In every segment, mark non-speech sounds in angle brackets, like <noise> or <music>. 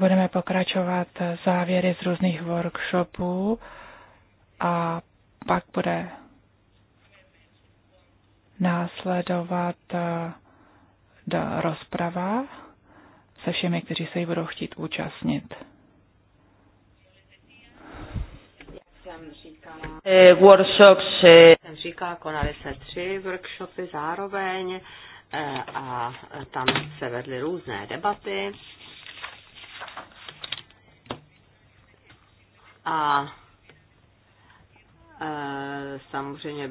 budeme pokračovat závěry z různých workshopů a pak bude následovat eh, rozprava se všemi, kteří se jí budou chtít účastnit. Eh, workshops, eh, jsem říkala, konaly se tři workshopy zároveň a tam se vedly různé debaty A e, samozřejmě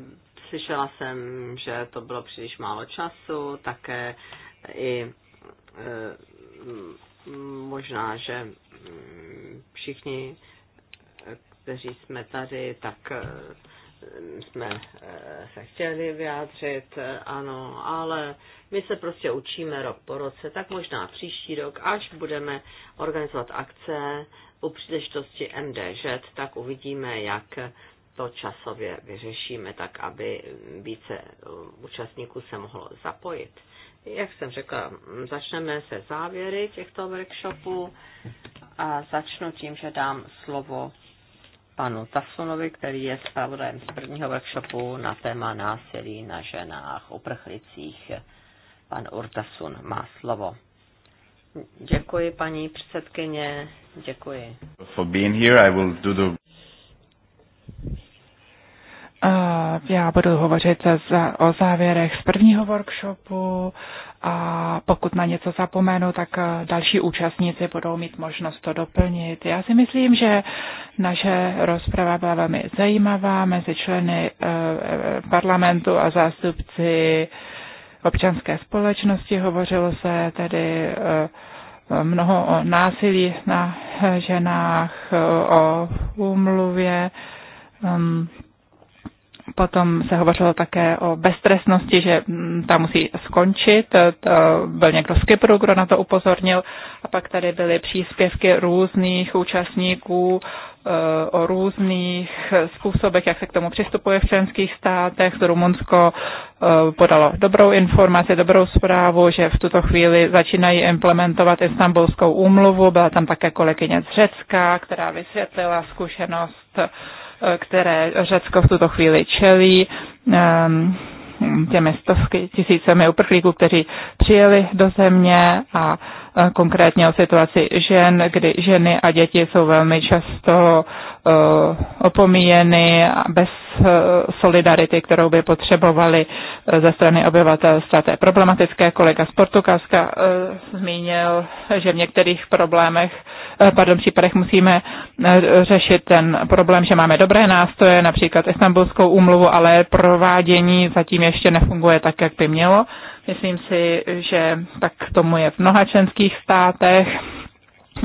slyšela jsem, že to bylo příliš málo času, také i e, možná, že všichni, kteří jsme tady, tak e, jsme eh, se chtěli vyjádřit, eh, ano, ale my se prostě učíme rok po roce, tak možná příští rok, až budeme organizovat akce u příležitosti MDŽ, tak uvidíme, jak to časově vyřešíme, tak aby více eh, účastníků se mohlo zapojit. Jak jsem řekla, mm, začneme se závěry těchto workshopů a začnu tím, že dám slovo panu Tasunovi, který je zpravodajem z prvního workshopu na téma násilí na ženách, uprchlicích. Pan Urtasun má slovo. Děkuji, paní předsedkyně, děkuji. For being here, I will do the... Já budu hovořit za, o závěrech z prvního workshopu a pokud na něco zapomenu, tak eh, další účastníci budou mít možnost to doplnit. Já si myslím, že naše rozprava byla velmi zajímavá mezi členy eh, eh, parlamentu a zástupci občanské společnosti. Hovořilo se tedy mnoho o násilí na ženách, o úmluvě mm, Potom se hovořilo také o beztresnosti, že mm, ta musí skončit. E, to e, byl někdo z Kypru, kdo na to upozornil. A pak tady byly příspěvky různých účastníků e, o různých způsobech, jak se k tomu přistupuje v členských státech. Rumunsko podalo dobrou informaci, dobrou zprávu, že v tuto chvíli začínají implementovat Istanbulskou úmluvu. Byla tam také kolegyně z Řecka, která vysvětlila zkušenost které Řecko v tuto chvíli čelí ehm, těmi stovky tisícemi uprchlíků, kteří přijeli do země a konkrétně o situaci žen, kdy ženy a děti jsou velmi často eh, opomíjeny bez eh, solidarity, kterou by potřebovali eh, ze strany obyvatelstva. To je problematické. Kolega z Portugalska zmínil, že v některých problémech, pardon, případech musíme řešit ten problém, že máme dobré nástroje, například Istanbulskou úmluvu, ale provádění zatím ještě nefunguje tak, jak by mělo. Myslím si, že tak tomu je v mnoha členských státech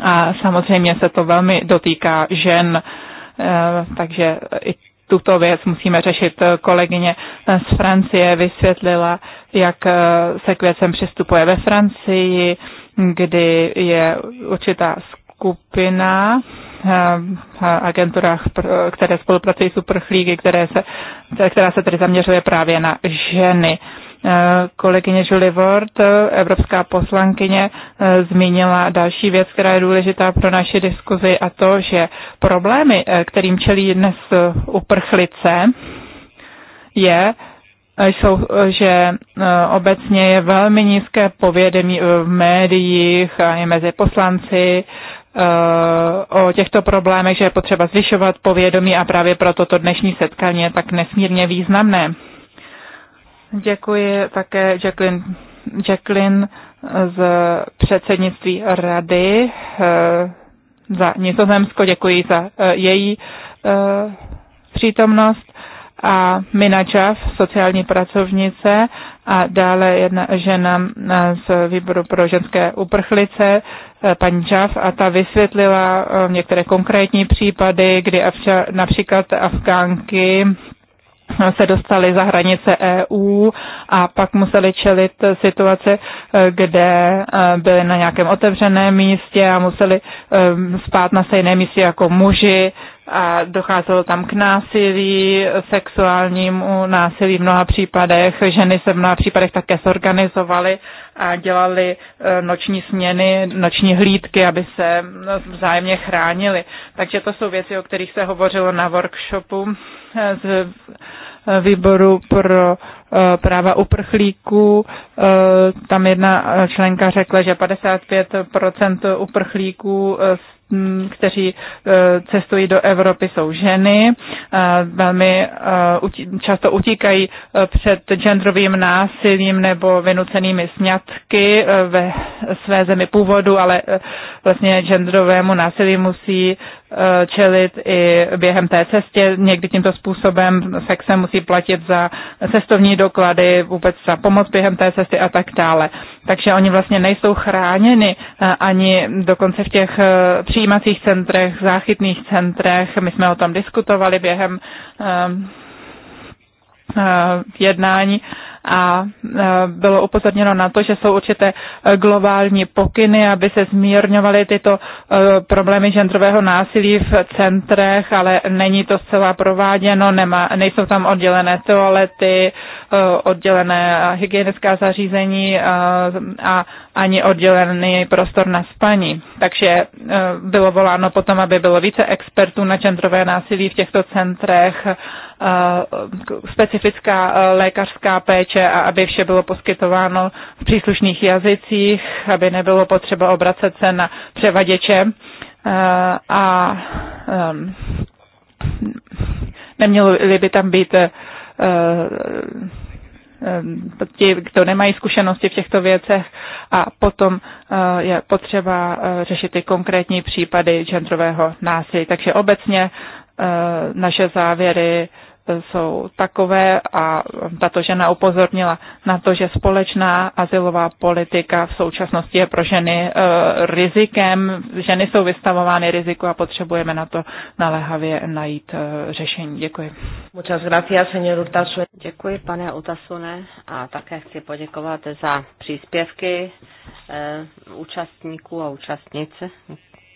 a samozřejmě se to velmi dotýká žen, eh, takže i tuto věc musíme řešit. Kolegyně z Francie vysvětlila, jak eh, se k věcem přistupuje ve Francii, kdy je určitá skupina eh, agenturách, které spolupracují s uprchlíky, které se, která se tedy zaměřuje právě na ženy kolegyně Julie Ward, evropská poslankyně, eh, zmínila další věc, která je důležitá pro naši diskuzi a to, že problémy, eh, kterým čelí dnes eh, uprchlice, je, jsou, že obecně je velmi nízké povědomí v médiích a i mezi poslanci o těchto problémech, že je potřeba zvyšovat povědomí a právě proto to dnešní setkání je tak nesmírně významné. Děkuji také Jacqueline, Jacqueline z předsednictví rady eh, za Nizozemsko. Děkuji za eh, její eh, přítomnost a Mina Čav, sociální pracovnice a dále jedna žena z výboru pro ženské uprchlice, paní Čav, a ta vysvětlila některé konkrétní případy, kdy například Afgánky se dostali za hranice EU a pak museli čelit situaci, eh, kde eh, byli na nějakém otevřeném místě a museli eh, spát na stejném místě jako muži a docházelo tam k násilí, sexuálnímu násilí v mnoha případech. Ženy se v mnoha případech také zorganizovaly a dělali noční směny, noční hlídky, aby se vzájemně chránili. Takže to jsou věci, o kterých se hovořilo na workshopu s výboru pro eh, práva uprchlíků. Eh, tam jedna členka řekla, že 55% uprchlíků eh, kteří cestují do Evropy, jsou ženy. Velmi často utíkají před genderovým násilím nebo vynucenými sňatky ve své zemi původu, ale vlastně genderovému násilí musí Eh, čelit i během té cestě. Někdy tímto způsobem sexem musí platit za cestovní doklady, vůbec za pomoc během té cesty a tak dále. Takže oni vlastně nejsou chráněni eh, ani dokonce v těch eh, přijímacích centrech, záchytných centrech. My jsme o tom diskutovali během jednání a e, bylo upozorněno na to, že jsou určité e, globální pokyny, aby se zmírňovaly tyto e, problémy genderového násilí v centrech, ale není to zcela prováděno, nemá, nejsou tam oddělené toalety, oddělené hygienická zařízení a ani oddělený prostor na spaní. Takže bylo voláno potom, aby bylo více expertů na genderové násilí v těchto centrech Eh, specifická eh, lékařská péče a aby vše bylo poskytováno v příslušných jazycích, aby nebylo potřeba obracet se na převaděče eh, a nemělo by tam být ti, kdo nemají zkušenosti v těchto věcech a potom je potřeba řešit ty konkrétní případy genderového násilí. Takže obecně Eh, naše závěry eh, jsou takové a tato žena upozornila na to, že společná asilová politika v současnosti je pro ženy eh, rizikem. Ženy jsou vystavovány riziku a potřebujeme na to naléhavě najít řešení. Děkuji. Muchas gracias, señor Urtasu. Děkuji, pane Utasune, a také chci poděkovat za příspěvky účastníků a účastnic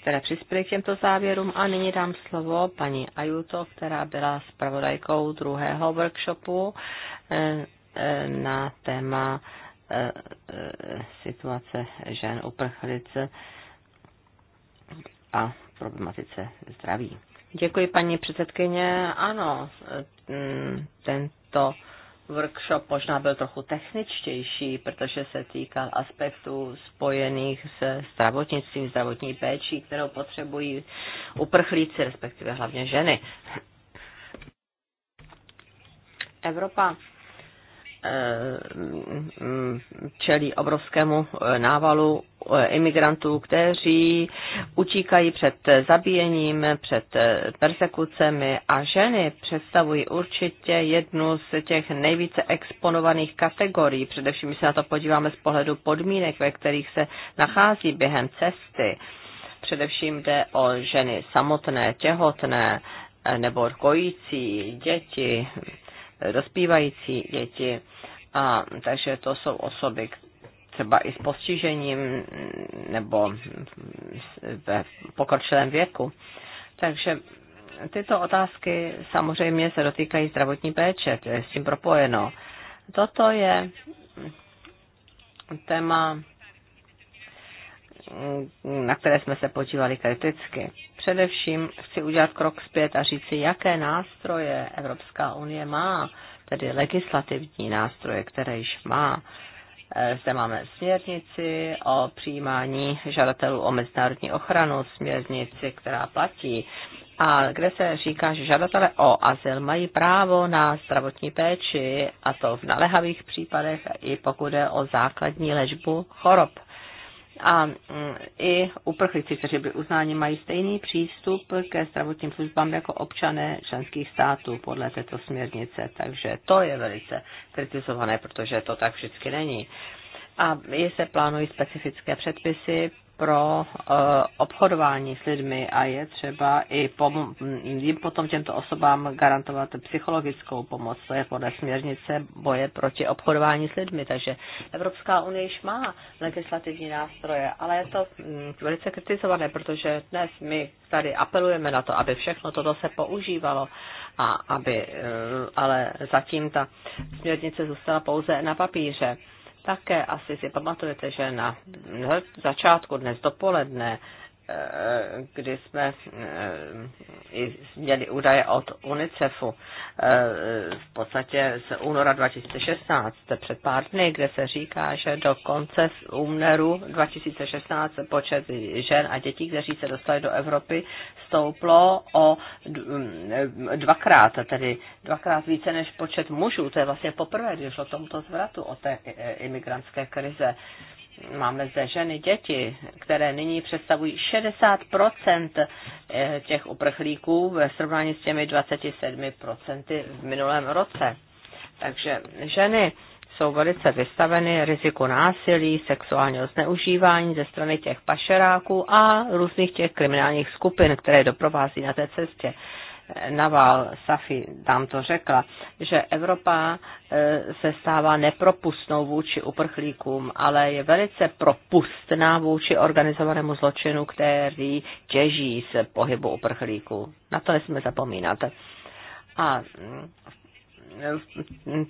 které přispěly k těmto závěrům. A nyní dám slovo paní Ajuto, která byla zpravodajkou druhého workshopu eh, eh, na téma eh, situace žen uprchlic a problematice zdraví. Děkuji, paní předsedkyně. Ano, mm, tento workshop možná byl trochu techničtější, protože se týkal aspektů spojených se zdravotnictvím, zdravotní péčí, kterou potřebují uprchlíci, respektive hlavně ženy. Evropa eh, čelí obrovskému eh, návalu Eh, imigrantů, kteří utíkají před zabíjením, před eh, persekucemi a ženy představují určitě jednu z těch nejvíce exponovaných kategorií. Především, když se na to podíváme z pohledu podmínek, ve kterých se nachází během cesty, především jde o ženy samotné, těhotné eh, nebo kojící, děti, dospívající děti. A, takže to jsou osoby, třeba i s postižením nebo ve pokročilém věku. Takže tyto otázky samozřejmě se dotýkají zdravotní péče, to je s tím propojeno. Toto je téma, na které jsme se podívali kriticky. Především chci udělat krok zpět a říci, jaké nástroje Evropská unie má, tedy legislativní nástroje, které již má Eh, zde máme směrnici o přijímání žadatelů o mezinárodní ochranu, směrnici, která platí a kde se říká, že žadatelé o azyl mají právo na zdravotní péči, a to v nalehavých případech, i pokud je o základní léčbu chorob a mm, i uprchlíci, kteří byli uznáni, mají stejný přístup ke zdravotním službám jako občané členských států podle této směrnice. Takže to je velice kritizované, protože to tak vždycky není. A je se plánují specifické předpisy pro eh, obchodování s lidmi a je třeba i pom- jim potom těmto osobám garantovat psychologickou pomoc. To je podle směrnice boje proti obchodování s lidmi. Takže Evropská unie již má legislativní nástroje, ale je to mm, velice kritizované, protože dnes my tady apelujeme na to, aby všechno toto se používalo, a aby, eh, ale zatím ta směrnice zůstala pouze na papíře. Také asi si pamatujete, že na začátku dnes dopoledne kdy jsme eh, měli údaje od UNICEFu eh, v podstatě z února 2016, před pár dny, kde se říká, že do konce úmneru 2016 počet žen a dětí, kteří se dostali do Evropy, stouplo o mm, dvakrát, tedy dvakrát více než počet mužů. To je vlastně poprvé, když o tomto zvratu, o té eh, imigrantské krize máme zde ženy, děti, které nyní představují 60% eh, těch uprchlíků ve srovnání s těmi 27% v minulém roce. Takže ženy jsou velice vystaveny riziku násilí, sexuálního zneužívání ze strany těch pašeráků a různých těch kriminálních skupin, které doprovází na té cestě. Naval Safi tam to řekla, že Evropa e, se stává nepropustnou vůči uprchlíkům, ale je velice propustná vůči organizovanému zločinu, který těží z pohybu uprchlíků. Na to nesmíme zapomínat. A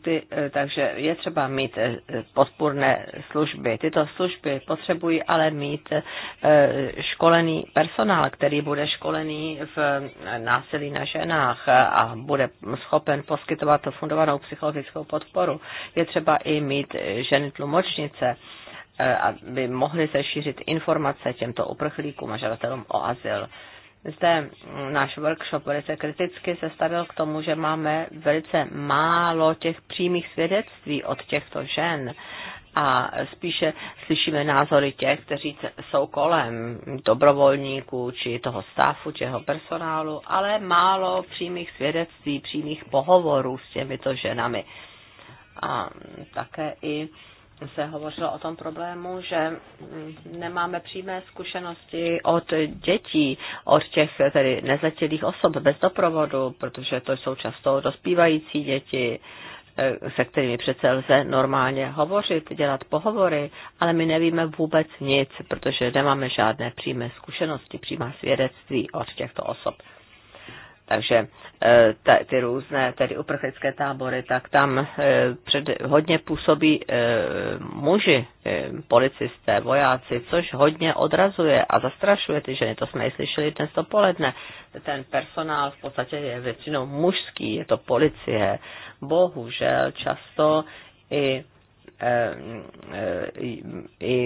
ty, takže je třeba mít eh, podpůrné služby. Tyto služby potřebují ale mít eh, školený personál, který bude školený v eh, násilí na ženách a bude schopen poskytovat fundovanou psychologickou podporu. Je třeba i mít ženy tlumočnice, aby mohly se šířit informace těmto uprchlíkům a žadatelům o azyl zde mm, náš workshop velice kriticky se stavil k tomu, že máme velice málo těch přímých svědectví od těchto žen a spíše slyšíme názory těch, kteří jsou kolem dobrovolníků či toho stáfu, či jeho personálu, ale málo přímých svědectví, přímých pohovorů s těmito ženami. A také i se hovořilo o tom problému, že nemáme přímé zkušenosti od dětí, od těch tedy nezletilých osob bez doprovodu, protože to jsou často dospívající děti, eh, se kterými přece lze normálně hovořit, dělat pohovory, ale my nevíme vůbec nic, protože nemáme žádné přímé zkušenosti, přímá svědectví od těchto osob. Takže eh, ty různé, tedy uprchlické tábory, tak tam eh, před, hodně působí eh, muži, policisté, vojáci, což hodně odrazuje a zastrašuje ty ženy. To jsme i slyšeli dnes dopoledne. Ten personál v podstatě je většinou mužský, je to policie. Bohužel často i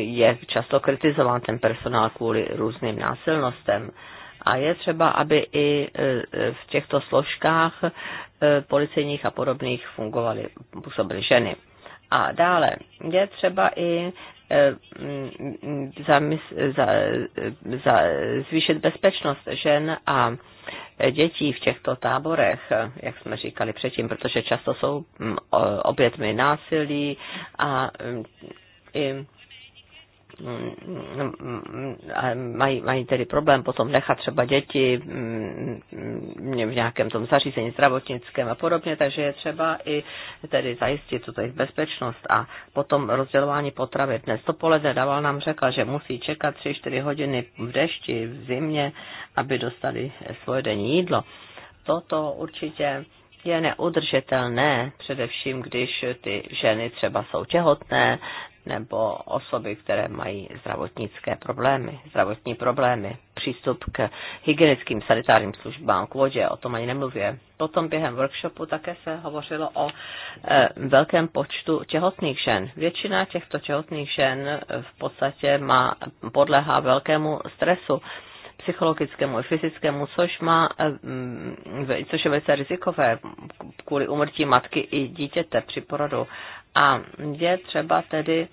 je často kritizován ten personál kvůli různým násilnostem a je třeba, aby i e, v těchto složkách e, policejních a podobných fungovaly, působily ženy. A dále je třeba i e, za, za, za, zvýšit bezpečnost žen a dětí v těchto táborech, jak jsme říkali předtím, protože často jsou obětmi násilí a i mají, mají tedy problém potom nechat třeba děti mm, v nějakém tom zařízení zdravotnickém a podobně, takže je třeba i tedy zajistit tuto jejich bezpečnost a potom rozdělování potravy. Dnes to poledne nám řekla, že musí čekat 3-4 hodiny v dešti, v zimě, aby dostali svoje denní jídlo. Toto určitě je neudržitelné, především když ty ženy třeba jsou těhotné nebo osoby, které mají zdravotnické problémy, zdravotní problémy, přístup k hygienickým sanitárním službám, k vodě, o tom ani nemluvě. Potom během workshopu také se hovořilo o e, velkém počtu těhotných žen. Většina těchto těhotných žen v podstatě má, podlehá velkému stresu psychologickému i fyzickému, což, má, e, což je velice rizikové kvůli umrtí matky i dítěte při porodu. A je třeba tedy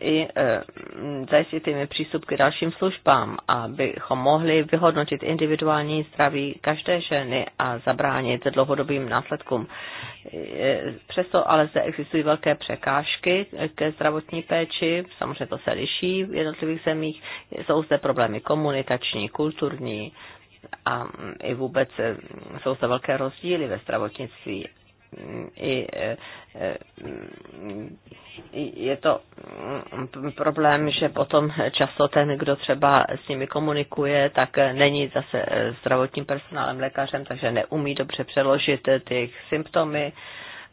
i e, zajistit jim přístup k dalším službám, abychom mohli vyhodnotit individuální zdraví každé ženy a zabránit dlouhodobým následkům. E, přesto ale zde existují velké překážky ke zdravotní péči, samozřejmě to se liší v jednotlivých zemích, jsou zde problémy komunikační, kulturní a i vůbec jsou zde velké rozdíly ve zdravotnictví i je to problém, že potom často ten, kdo třeba s nimi komunikuje, tak není zase zdravotním personálem, lékařem, takže neumí dobře přeložit ty symptomy.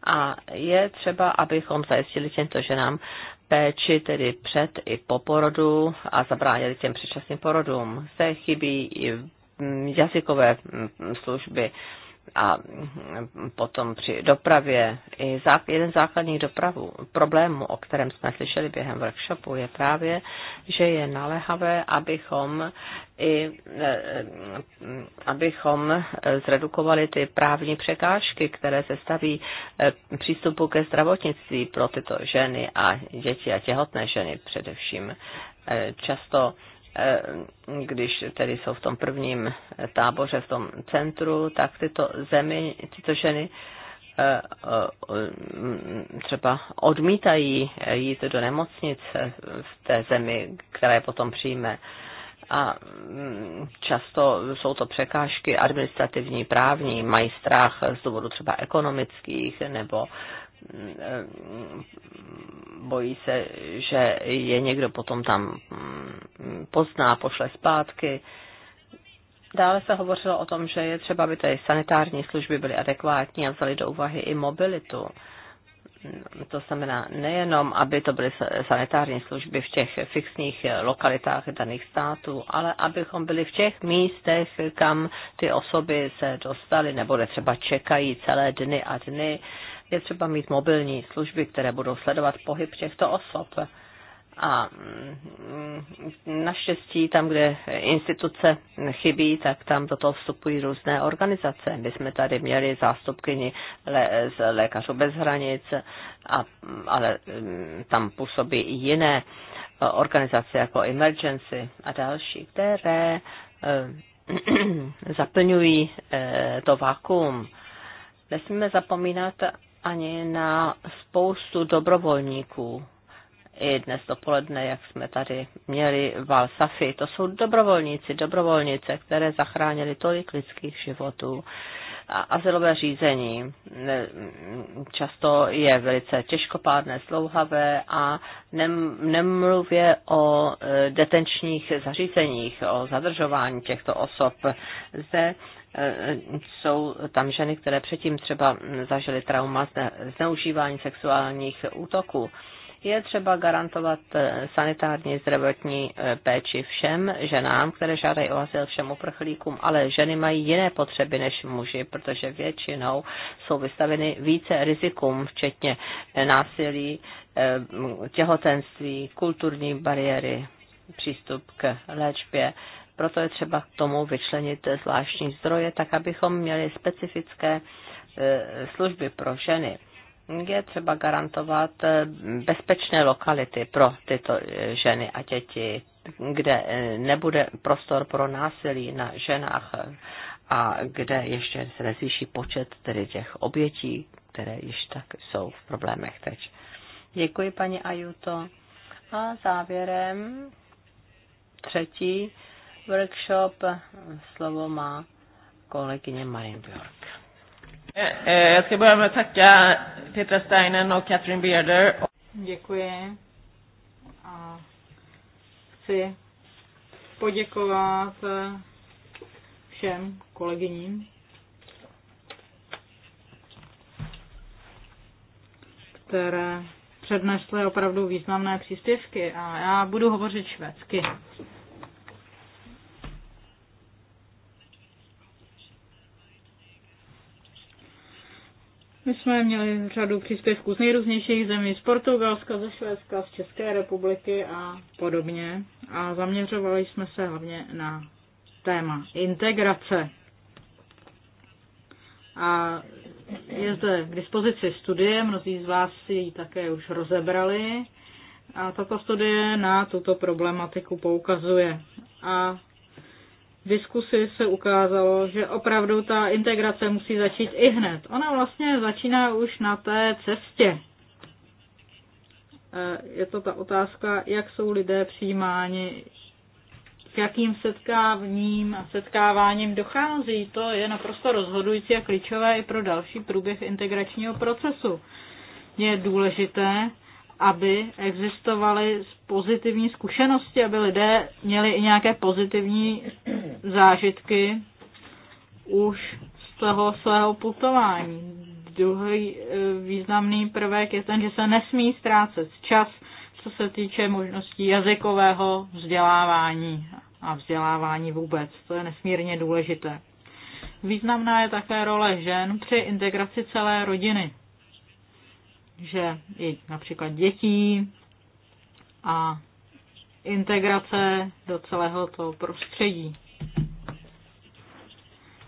A je třeba, abychom zajistili těmto ženám péči tedy před i po porodu a zabránili těm předčasným porodům. Se chybí i jazykové služby a potom při dopravě. I jeden z základních dopravů, problémů, o kterém jsme slyšeli během workshopu, je právě, že je naléhavé, abychom, i, e, e, abychom zredukovali ty právní překážky, které se staví e, přístupu ke zdravotnictví pro tyto ženy a děti a těhotné ženy především. Často Eh, když tedy jsou v tom prvním táboře, v tom centru, tak tyto zemi, tyto ženy eh, eh, třeba odmítají jít do nemocnice v té zemi, která je potom přijme. A mm, často jsou to překážky administrativní, právní, mají strach z důvodu třeba ekonomických nebo Eh, bojí se, že je někdo potom tam mm, pozná, pošle zpátky. Dále se hovořilo o tom, že je třeba, aby ty sanitární služby byly adekvátní a vzali do úvahy i mobilitu. Mm, to znamená nejenom, aby to byly sanitární služby v těch fixních lokalitách daných států, ale abychom byli v těch místech, kam ty osoby se dostaly nebo třeba čekají celé dny a dny je třeba mít mobilní služby, které budou sledovat pohyb těchto osob. A mm, naštěstí tam, kde instituce chybí, tak tam do toho vstupují různé organizace. My jsme tady měli zástupkyni z Lékařů bez hranic, a, ale mm, tam působí i jiné e, organizace jako Emergency a další, které e, <clears throat> zaplňují e, to vakuum. Nesmíme zapomínat ani na spoustu dobrovolníků. I dnes dopoledne, jak jsme tady měli Val Safi, to jsou dobrovolníci, dobrovolnice, které zachránili tolik lidských životů. A azylové řízení často je velice těžkopádné, slouhavé a nemluvě o e, detenčních zařízeních, o zadržování těchto osob. Zde jsou tam ženy, které předtím třeba zažily trauma zneužívání sexuálních útoků. Je třeba garantovat eh, sanitární zdravotní eh, péči všem ženám, které žádají o azyl, všem uprchlíkům, ale ženy mají jiné potřeby než muži, protože většinou jsou vystaveny více rizikům, včetně eh, násilí, těhotenství, kulturní bariéry, přístup k léčbě proto je třeba k tomu vyčlenit zvláštní zdroje, tak abychom měli specifické e, služby pro ženy. Je třeba garantovat e, bezpečné lokality pro tyto e, ženy a děti, kde nebude prostor pro násilí na ženách a kde ještě se nezvýší počet tedy těch obětí, které již tak jsou v problémech teď. Děkuji, paní Ajuto. A závěrem třetí workshop. Slovo má kolegyně Marin Björk. Eh, eh, já ska börja med att Petra Steinen a Katrin Berder. Děkuji. A chci poděkovat eh, všem kolegyním, které přednesly opravdu významné příspěvky a já budu hovořit švédsky. My jsme měli řadu příspěvků z nejrůznějších zemí, z Portugalska, ze Švédska, z České republiky a podobně. A zaměřovali jsme se hlavně na téma integrace. A je zde k dispozici studie, mnozí z vás si ji také už rozebrali. A tato studie na tuto problematiku poukazuje. A diskusi se ukázalo, že opravdu ta integrace musí začít i hned. Ona vlastně začíná už na té cestě. E, je to ta otázka, jak jsou lidé přijímáni, k jakým setkáváním a setkáváním dochází. To je naprosto rozhodující a klíčové i pro další průběh integračního procesu. Je důležité, aby existovaly pozitivní zkušenosti, aby lidé měli i nějaké pozitivní zážitky už z toho svého putování. Druhý e, významný prvek je ten, že se nesmí ztrácet čas, co se týče možností jazykového vzdělávání a vzdělávání vůbec. To je nesmírně důležité. Významná je také role žen při integraci celé rodiny že i například dětí a integrace do celého toho prostředí.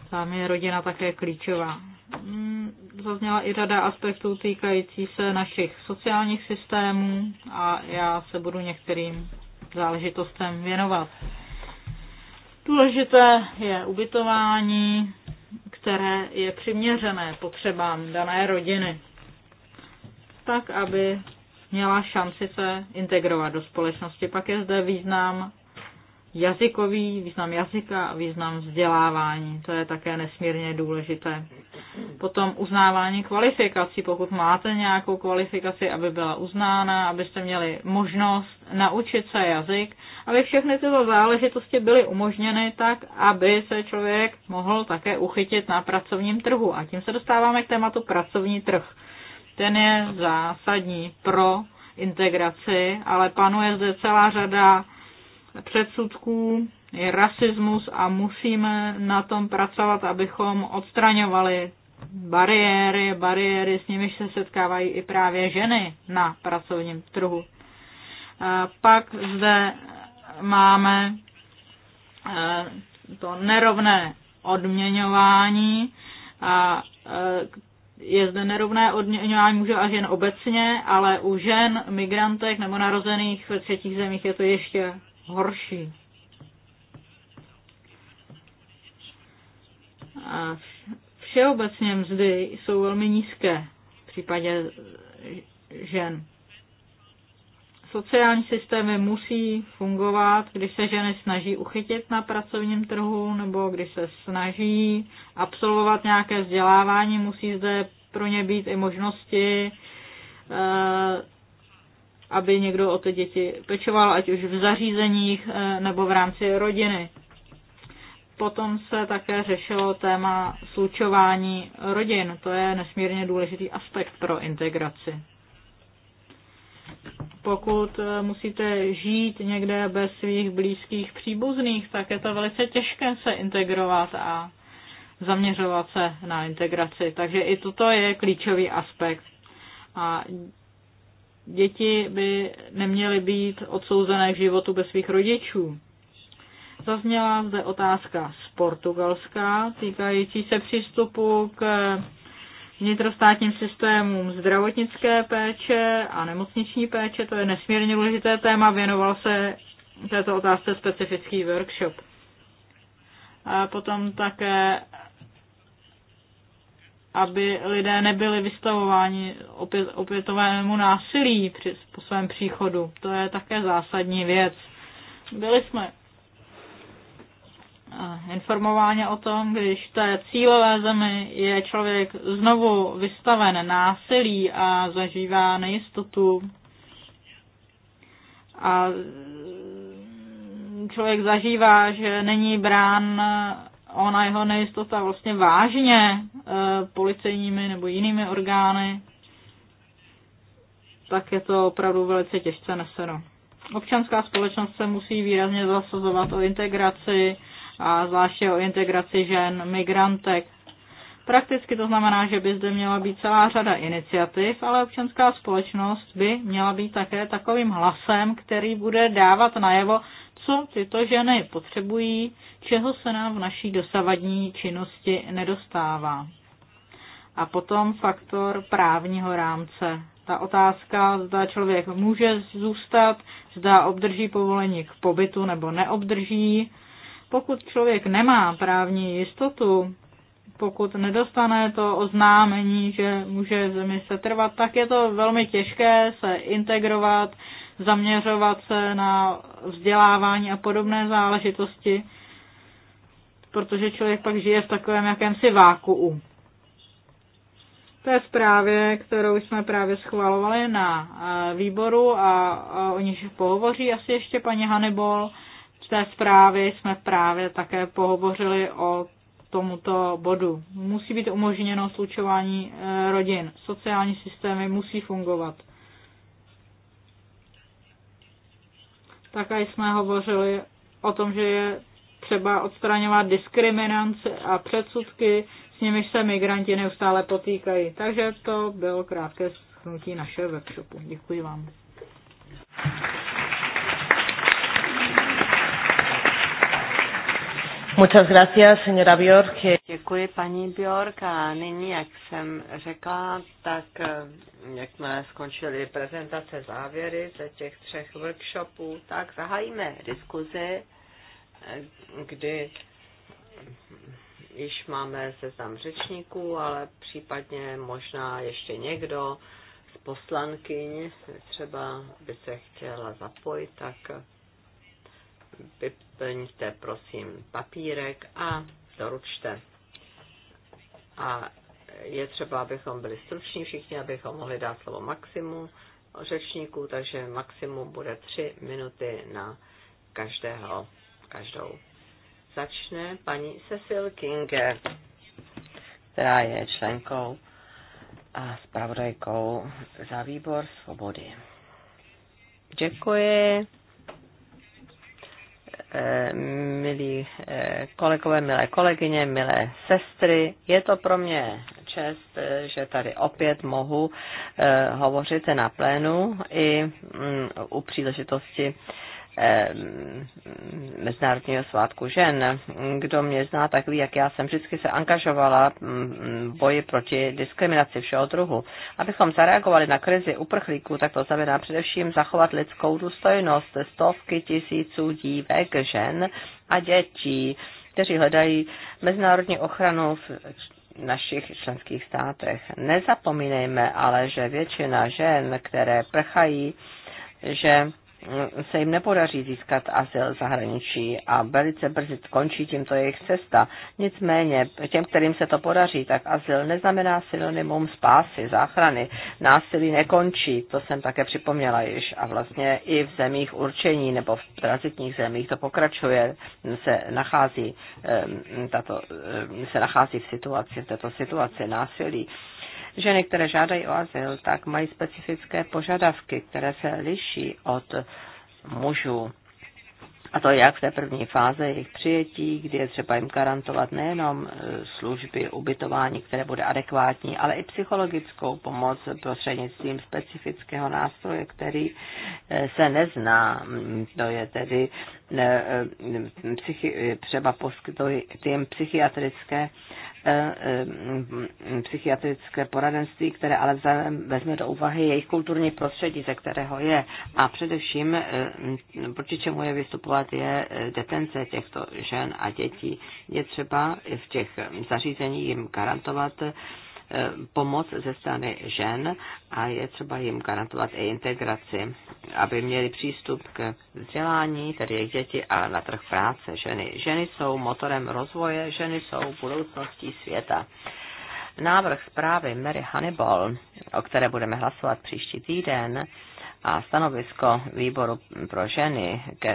Tam je rodina také klíčová. Mm, zazněla i řada aspektů týkající se našich sociálních systémů a já se budu některým záležitostem věnovat. Důležité je ubytování, které je přiměřené potřebám dané rodiny tak aby měla šanci se integrovat do společnosti. Pak je zde význam jazykový, význam jazyka a význam vzdělávání. To je také nesmírně důležité. Potom uznávání kvalifikací. Pokud máte nějakou kvalifikaci, aby byla uznána, abyste měli možnost naučit se jazyk, aby všechny tyto záležitosti byly umožněny tak, aby se člověk mohl také uchytit na pracovním trhu. A tím se dostáváme k tématu pracovní trh ten je zásadní pro integraci, ale panuje zde celá řada předsudků, je rasismus a musíme na tom pracovat, abychom odstraňovali bariéry, bariéry, s nimiž se setkávají i právě ženy na pracovním trhu. Pak zde máme e, to nerovné odměňování a e, je zde nerovné odměňování mužů a žen obecně, ale u žen, migrantek nebo narozených ve třetích zemích je to ještě horší. A všeobecně mzdy jsou velmi nízké v případě žen. Sociální systémy musí fungovat, když se ženy snaží uchytit na pracovním trhu nebo když se snaží absolvovat nějaké vzdělávání, musí zde pro ně být i možnosti, eh, aby někdo o ty děti pečoval, ať už v zařízeních eh, nebo v rámci rodiny. Potom se také řešilo téma slučování rodin. To je nesmírně důležitý aspekt pro integraci. Pokud eh, musíte žít někde bez svých blízkých příbuzných, tak je to velice těžké se integrovat a zaměřovat se na integraci. Takže i toto je klíčový aspekt. A děti by neměly být odsouzené k životu bez svých rodičů. Zazněla zde otázka z Portugalska týkající se přístupu k vnitrostátním systémům zdravotnické péče a nemocniční péče. To je nesmírně důležité téma. Věnoval se této otázce specifický workshop. A potom také, aby lidé nebyli vystavováni opět, opětovému násilí při, po svém příchodu. To je také zásadní věc. Byli jsme informováni o tom, když v té cílové zemi je člověk znovu vystaven násilí a zažívá nejistotu a člověk zažívá, že není brán ona jeho nejistota vlastně vážně e, policejními nebo jinými orgány, tak je to opravdu velice těžce neseno. Občanská společnost se musí výrazně zasazovat o integraci a zvláště o integraci žen, migrantek. Prakticky to znamená, že by zde měla být celá řada iniciativ, ale občanská společnost by měla být také takovým hlasem, který bude dávat najevo, co tyto ženy potřebují, čeho se nám v naší dosavadní činnosti nedostává. A potom faktor právního rámce. Ta otázka, zda člověk může zůstat, zda obdrží povolení k pobytu nebo neobdrží, pokud člověk nemá právní jistotu, pokud nedostane to oznámení, že může zemi se trvat, tak je to velmi těžké se integrovat, zaměřovat se na vzdělávání a podobné záležitosti, protože člověk pak žije v takovém jakémsi vákuu. To je zprávě, kterou jsme právě schvalovali na eh, výboru a o níž pohovoří asi ještě paní Hannibal v té zprávě jsme právě také pohovořili o tomuto bodu. Musí být umožněno slučování eh, rodin. Sociální systémy musí fungovat. Také jsme hovořili o tom, že je třeba odstraňovat diskriminace a předsudky, s nimiž se migranti neustále potýkají. Takže to bylo krátké shrnutí našeho webshopu. Děkuji vám. Muchas gracias, señora Bjork. Děkuji, paní Bjork. A nyní, jak jsem řekla, tak eh, jakmile skončily prezentace závěry ze těch třech workshopů, tak zahájíme diskuzi, eh, kdy již máme seznam řečníků, ale případně možná ještě někdo z poslankyň třeba by se chtěla zapojit, tak vyplňte prosím papírek a doručte. A je třeba, abychom byli struční všichni, abychom mohli dát slovo maximu řečníků, takže maximum bude tři minuty na každého, každou. Začne paní Cecil Kinge, která je členkou a zpravodajkou za výbor svobody. Děkuji, Eh, milí eh, kolegové, milé kolegyně, milé sestry. Je to pro mě čest, eh, že tady opět mohu hovořit na plénu i mm, u příležitosti Mezinárodního svátku žen. Kdo mě zná, tak ví, jak já jsem vždycky se angažovala v boji proti diskriminaci všeho druhu. Abychom zareagovali na krizi uprchlíků, tak to znamená především zachovat lidskou důstojnost stovky tisíců dívek, žen a dětí, kteří hledají mezinárodní ochranu v našich členských státech. Nezapomínejme ale, že většina žen, které prchají, že se jim nepodaří získat azyl v zahraničí a velice brzy skončí tímto jejich cesta. Nicméně těm, kterým se to podaří, tak azyl neznamená synonymum spásy, záchrany. Násilí nekončí, to jsem také připomněla již. A vlastně i v zemích určení nebo v transitních zemích to pokračuje, se nachází, tato, se nachází v situaci, v této situaci násilí. Ženy, které žádají o azyl, tak mají specifické požadavky, které se liší od mužů. A to jak v té první fáze jejich přijetí, kdy je třeba jim garantovat nejenom e, služby ubytování, které bude adekvátní, ale i psychologickou pomoc prostřednictvím specifického nástroje, který e, se nezná. To je tedy Eh, psychi, třeba poskytují těm psychiatrické, eh, eh, psychiatrické poradenství, které ale vezme do úvahy jejich kulturní prostředí, ze kterého je. A především, proti čemu je vystupovat, je detence těchto žen a dětí. Je třeba v těch zařízeních jim garantovat Eh, pomoc ze strany žen a je třeba jim garantovat i integraci, aby měli přístup k vzdělání, tedy jejich děti a na trh práce ženy. Ženy jsou motorem rozvoje, ženy jsou budoucností světa. Návrh zprávy Mary Hannibal, o které budeme hlasovat příští týden, a stanovisko výboru pro ženy, ke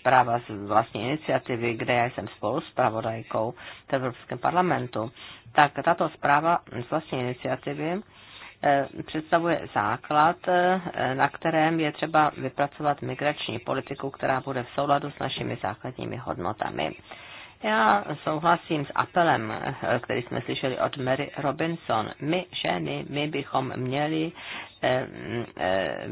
zpráva z vlastní iniciativy, kde já jsem spolu s pravodajkou v Evropském parlamentu, tak tato zpráva z vlastní iniciativy e, představuje základ, e, na kterém je třeba vypracovat migrační politiku, která bude v souladu s našimi základními hodnotami. Já souhlasím s apelem, e, který jsme slyšeli od Mary Robinson. My ženy, my bychom měli Eh, eh,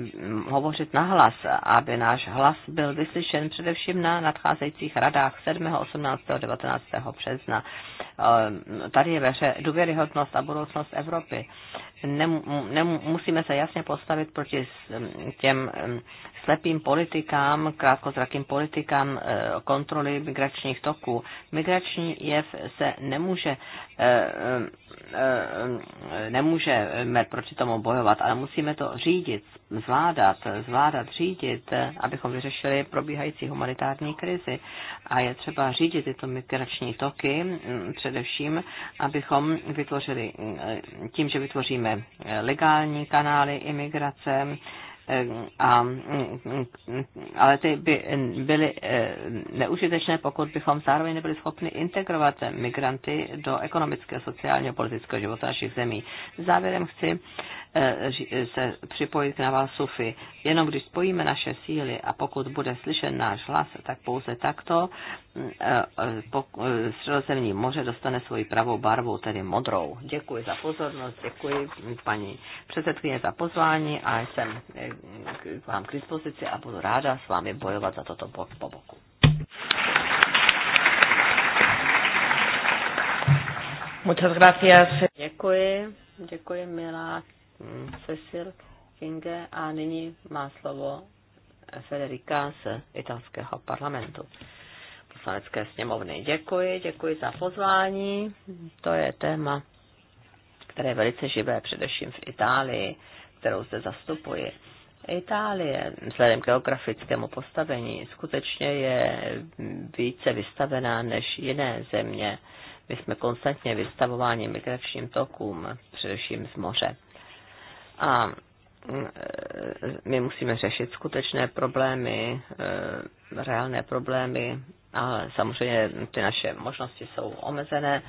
hovořit nahlas, aby náš hlas byl vyslyšen především na nadcházejících radách 7., 18., 19. března. Eh, tady je ve hře důvěryhodnost a budoucnost Evropy. Nem, nem, musíme se jasně postavit proti těm slepým politikám, krátkozrakým politikám kontroly migračních toků. Migrační jev se nemůže Eh, nemůžeme proti tomu bojovat, ale musíme to řídit, zvládat, zvládat, řídit, abychom vyřešili probíhající humanitární krizi. A je třeba řídit tyto migrační toky mm, především, abychom vytvořili mm, eh, tím, že vytvoříme eh, legální kanály imigrace, a, ale ty by byly eh, neužitečné, pokud bychom zároveň nebyli schopni integrovat migranty do ekonomického, sociálního, politického života našich zemí. Závěrem chci Eh, eh, se připojit k Naval Sufi. Jenom když spojíme naše síly a pokud bude slyšen náš hlas, tak pouze takto mm, eh, Středozemní moře dostane svoji pravou barvu, tedy modrou. Děkuji za pozornost, děkuji mm, paní předsedkyně za pozvání a jsem k vám k dispozici a budu ráda s vámi bojovat za toto bok po boku. Muchas gracias. Děkuji, děkuji milá Cecil Kinge a nyní má slovo Federica z italského parlamentu poslanecké sněmovny. Děkuji, děkuji za pozvání. To je téma, které je velice živé, především v Itálii, kterou zde zastupuji. Itálie vzhledem k geografickému postavení skutečně je více vystavená než jiné země. My jsme konstantně vystavováni migračním tokům, především z moře. A mm, e, my musíme řešit skutečné problémy, e, reálné problémy a samozřejmě ty naše možnosti jsou omezené,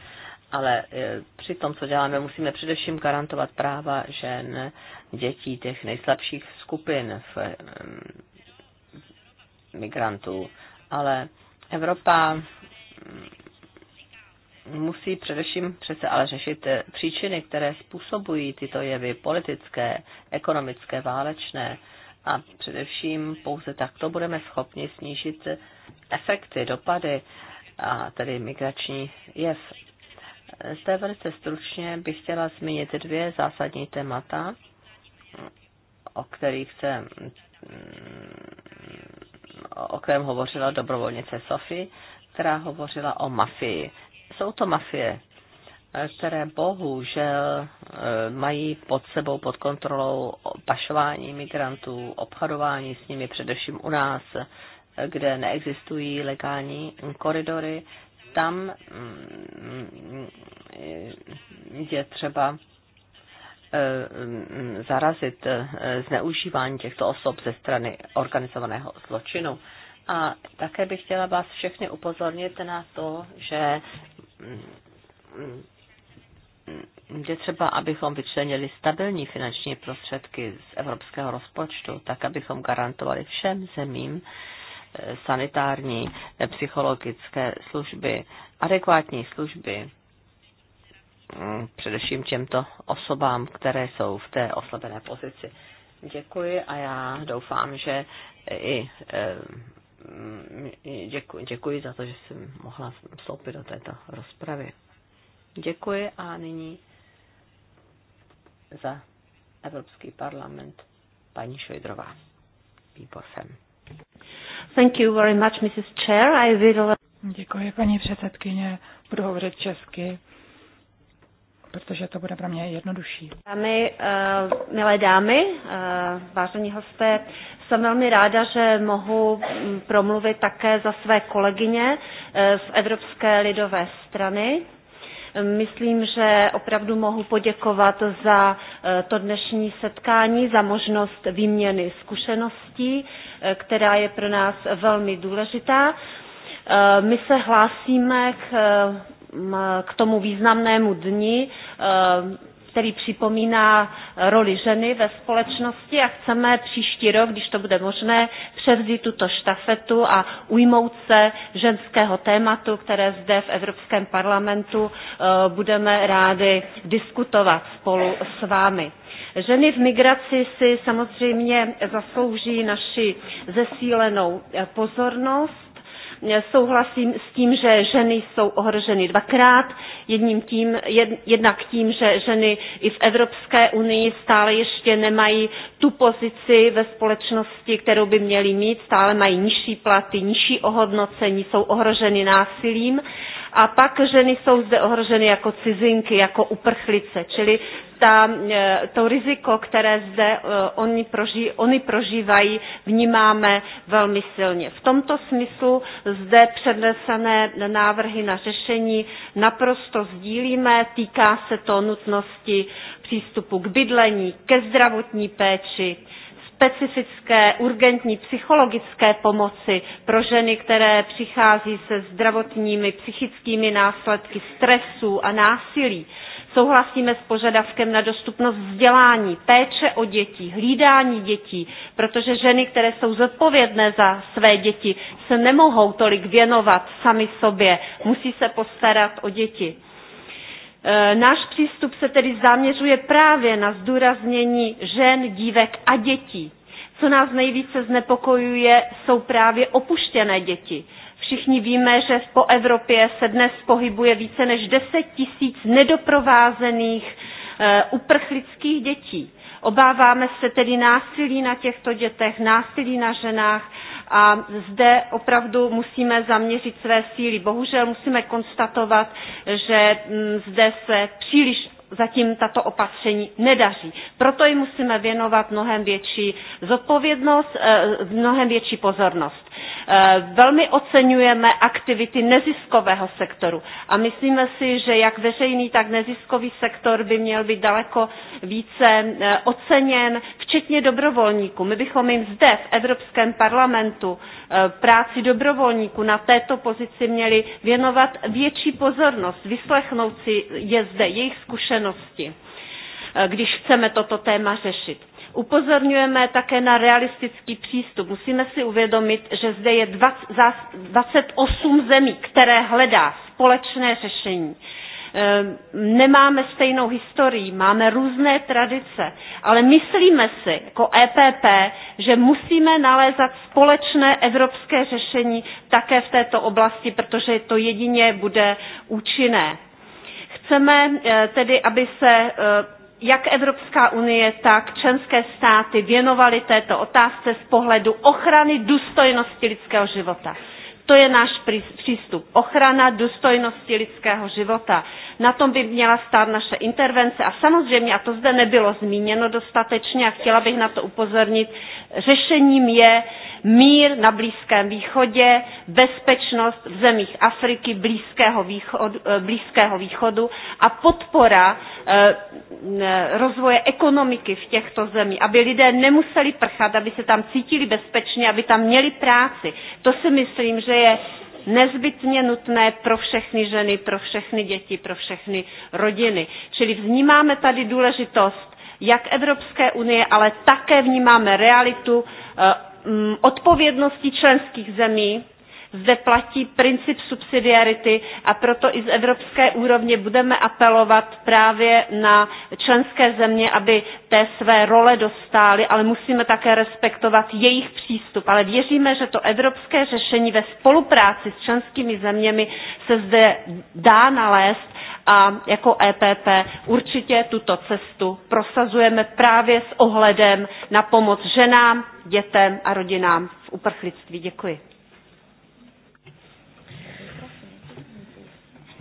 ale e, při tom, co děláme, musíme především garantovat práva žen, dětí, těch nejslabších skupin v, migrantů. Ale Evropa musí především přece ale řešit eh, příčiny, které způsobují tyto jevy politické, ekonomické, válečné. A především pouze takto budeme schopni snížit efekty, dopady, a tedy migrační jev. Zde velice stručně bych chtěla zmínit dvě zásadní témata, o kterých se mm, o kterém hovořila dobrovolnice Sofie, která hovořila o mafii jsou to mafie, které bohužel eh, mají pod sebou, pod kontrolou pašování migrantů, obchodování s nimi především u nás, eh, kde neexistují legální koridory. Tam mm, je třeba eh, mm, zarazit zneužívání těchto osob ze strany organizovaného zločinu. A také bych chtěla vás všechny upozornit na to, že je třeba, abychom vyčlenili stabilní finanční prostředky z evropského rozpočtu, tak abychom garantovali všem zemím eh, sanitární, eh, psychologické služby, adekvátní služby, mm, především těmto osobám, které jsou v té oslabené pozici. Děkuji a já doufám, že i eh, Mm, děkuji, děkuji za to, že jsem mohla vstoupit do této rozpravy. Děkuji a nyní za Evropský parlament paní Šojdrová. Výbor jsem. Thank you very much, Mrs. Chair. I will... Děkuji, paní předsedkyně. Budu hovořit česky protože to bude pro mě jednodušší. Dámy, uh, milé dámy, uh, vážení hosté, jsem velmi ráda, že mohu mm, promluvit také za své kolegyně eh, z Evropské lidové strany. Myslím, že opravdu mohu poděkovat za to dnešní setkání, za možnost výměny zkušeností, která je pro nás velmi důležitá. My se hlásíme k k tomu významnému dni, e, který připomíná roli ženy ve společnosti a chceme příští rok, když to bude možné, převzít tuto štafetu a ujmout se ženského tématu, které zde v Evropském parlamentu e, budeme rádi diskutovat spolu s vámi. Ženy v migraci si samozřejmě zaslouží naši zesílenou pozornost E, souhlasím s tím, že ženy jsou ohroženy dvakrát. Jedním tím, jed, jednak tím, že ženy i v Evropské unii stále ještě nemají tu pozici ve společnosti, kterou by měly mít, stále mají nižší platy, nižší ohodnocení, jsou ohroženy násilím a pak ženy jsou zde ohroženy jako cizinky, jako uprchlice, čili ta, e, to riziko, které zde e, oni, proží, oni prožívají, vnímáme velmi silně. V tomto smyslu zde přednesené návrhy na řešení naprosto sdílíme. Týká se to nutnosti přístupu k bydlení, ke zdravotní péči, specifické urgentní psychologické pomoci pro ženy, které přichází se zdravotními psychickými následky stresu a násilí. Souhlasíme s požadavkem na dostupnost vzdělání, péče o děti, hlídání dětí, protože ženy, které jsou zodpovědné za své děti, se nemohou tolik věnovat sami sobě, musí se postarat o děti E, náš přístup se tedy zaměřuje právě na zdůraznění žen, dívek a dětí. Co nás nejvíce znepokojuje, jsou právě opuštěné děti. Všichni víme, že po Evropě se dnes pohybuje více než 10 tisíc nedoprovázených e, uprchlických dětí. Obáváme se tedy násilí na těchto dětech, násilí na ženách a zde opravdu musíme zaměřit své síly. Bohužel musíme konstatovat, že mm, zde se příliš zatím tato opatření nedaří. Proto jim musíme věnovat mnohem větší zodpovědnost, eh, mnohem větší pozornost. Eh, velmi oceňujeme aktivity neziskového sektoru a myslíme si, že jak veřejný, tak neziskový sektor by měl být daleko více eh, oceněn, včetně dobrovolníků. My bychom jim zde v Evropském parlamentu eh, práci dobrovolníků na této pozici měli věnovat větší pozornost, vyslechnout si je zde jejich zkušenosti, když chceme toto téma řešit. Upozorňujeme také na realistický přístup. Musíme si uvědomit, že zde je 28 zemí, které hledá společné řešení. Ehm, nemáme stejnou historii, máme různé tradice, ale myslíme si jako EPP, že musíme nalézat společné evropské řešení také v této oblasti, protože to jedině bude účinné. Chceme eh, tedy, aby se eh, jak Evropská unie, tak členské státy věnovaly této otázce z pohledu ochrany důstojnosti lidského života. To je náš přístup. Ochrana důstojnosti lidského života. Na tom by měla stát naše intervence a samozřejmě, a to zde nebylo zmíněno dostatečně a chtěla bych na to upozornit, řešením je mír na Blízkém východě, bezpečnost v zemích Afriky, Blízkého východu, eh, Blízkého východu a podpora eh, rozvoje ekonomiky v těchto zemích, aby lidé nemuseli prchat, aby se tam cítili bezpečně, aby tam měli práci. To si myslím, že je nezbytně nutné pro všechny ženy, pro všechny děti, pro všechny rodiny. Čili vnímáme tady důležitost jak Evropské unie, ale také vnímáme realitu eh, mm, odpovědnosti členských zemí zde platí princip subsidiarity a proto i z evropské úrovně budeme apelovat právě na členské země, aby té své role dostály, ale musíme také respektovat jejich přístup. Ale věříme, že to evropské řešení ve spolupráci s členskými zeměmi se zde dá nalézt a jako EPP určitě tuto cestu prosazujeme právě s ohledem na pomoc ženám, dětem a rodinám v uprchlictví. Děkuji.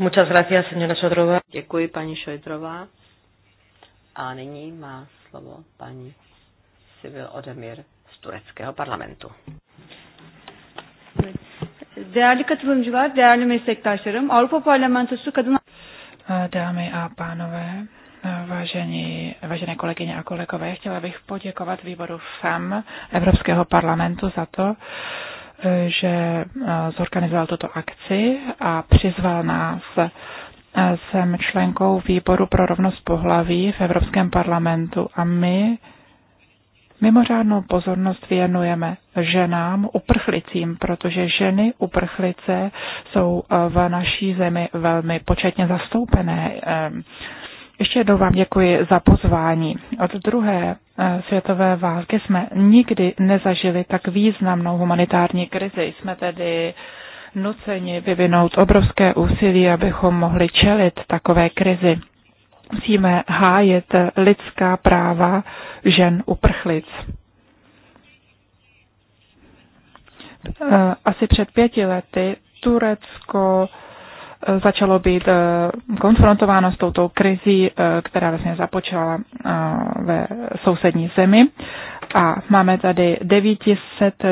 Muchas gracias, señora Sodrova. Děkuji, paní Šojtrová. A nyní má slovo paní Sivil Odemir z tureckého parlamentu. Değerli katılımcılar, değerli meslektaşlarım, Avrupa Parlamentosu Kadın... Dámy a pánové, Vážení, vážené kolegyně a kolegové, chtěla bych poděkovat výboru FEM Evropského parlamentu za to, že eh, zorganizoval tuto akci a přizval nás. Jsem eh, členkou výboru pro rovnost pohlaví v Evropském parlamentu a my mimořádnou pozornost věnujeme ženám uprchlicím, protože ženy uprchlice jsou eh, v naší zemi velmi početně zastoupené ještě jednou vám děkuji za pozvání. Od druhé eh, světové války jsme nikdy nezažili tak významnou humanitární krizi. Jsme tedy nuceni vyvinout obrovské úsilí, abychom mohli čelit takové krizi. Musíme hájet lidská práva žen uprchlic. Eh, asi před pěti lety Turecko začalo být eh, konfrontováno s touto krizí, eh, která vlastně započala eh, ve sousední zemi. A máme tady 900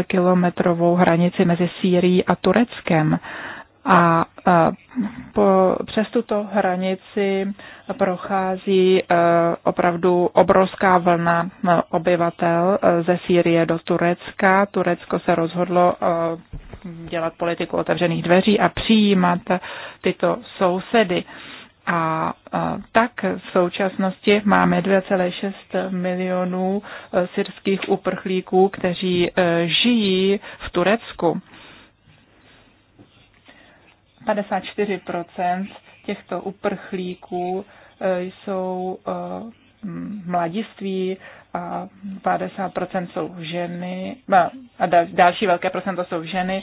kilometrovou hranici mezi Sýrií a Tureckem. A po, přes tuto hranici prochází e, opravdu obrovská vlna e, obyvatel e, ze Sýrie do Turecka. Turecko se rozhodlo dělat politiku otevřených dveří a přijímat tyto sousedy. A tak v současnosti máme 2,6 milionů syrských uprchlíků, kteří žijí v Turecku. 54% těchto uprchlíků e, jsou e, mladiství a 50% jsou ženy a další velké procento jsou ženy.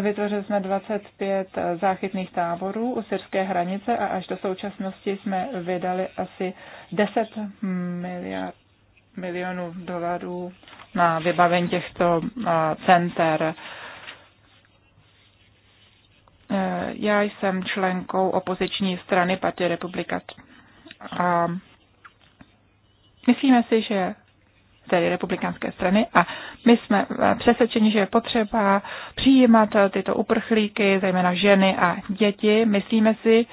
Vytvořili jsme 25 záchytných táborů u syrské hranice a až do současnosti jsme vydali asi 10 miliard, milionů dolarů na vybavení těchto center. Eh, já jsem členkou opoziční strany Partie Republikat. A myslíme si, že tedy republikánské strany a my jsme eh, přesvědčeni, že je potřeba přijímat eh, tyto uprchlíky, zejména ženy a děti. Myslíme si,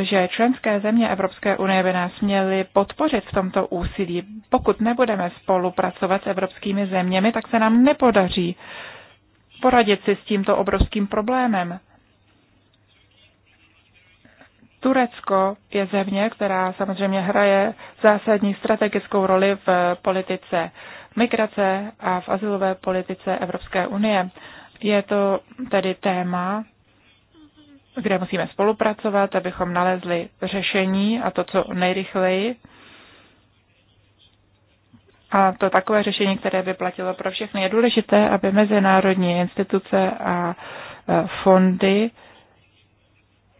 že členské země Evropské unie by nás měly podpořit v tomto úsilí. Pokud nebudeme spolupracovat s evropskými zeměmi, tak se nám nepodaří poradit si s tímto obrovským problémem. Turecko je země, která samozřejmě hraje zásadní strategickou roli v politice migrace a v asilové politice Evropské unie. Je to tedy téma, kde musíme spolupracovat, abychom nalezli řešení a to, co nejrychleji. A to takové řešení, které by platilo pro všechny. Je důležité, aby mezinárodní instituce a e, fondy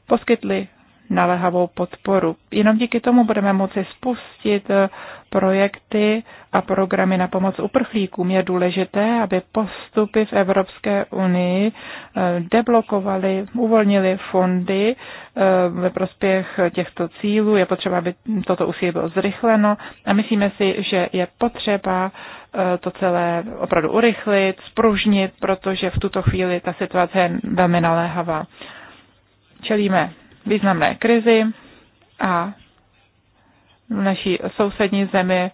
poskytly naléhavou podporu. Jenom díky tomu budeme moci spustit eh, projekty a programy na pomoc uprchlíkům. Je důležité, aby postupy v Evropské unii eh, deblokovaly, uvolnily fondy eh, ve prospěch těchto cílů. Je potřeba, aby toto úsilí bylo zrychleno a myslíme si, že je potřeba to celé opravdu urychlit, spružnit, protože v tuto chvíli ta situace je velmi naléhavá. Čelíme významné krizi a v naší sousední zemi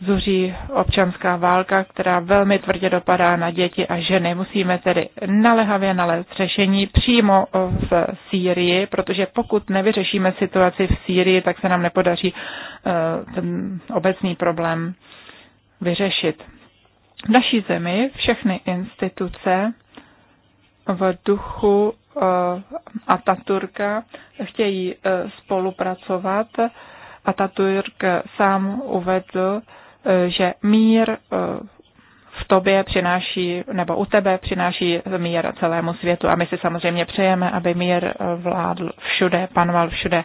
zuří občanská válka, která velmi tvrdě dopadá na děti a ženy. Musíme tedy nalehavě nalézt řešení přímo v Sýrii, protože pokud nevyřešíme situaci v Sýrii, tak se nám nepodaří eh, ten obecný problém vyřešit. V naší zemi všechny instituce v duchu Eh, Ataturka chtějí eh, spolupracovat. Ataturk sám uvedl, eh, že mír v tobě přináší, nebo u tebe přináší mír celému světu. A my si samozřejmě přejeme, aby mír vládl všude, panoval všude.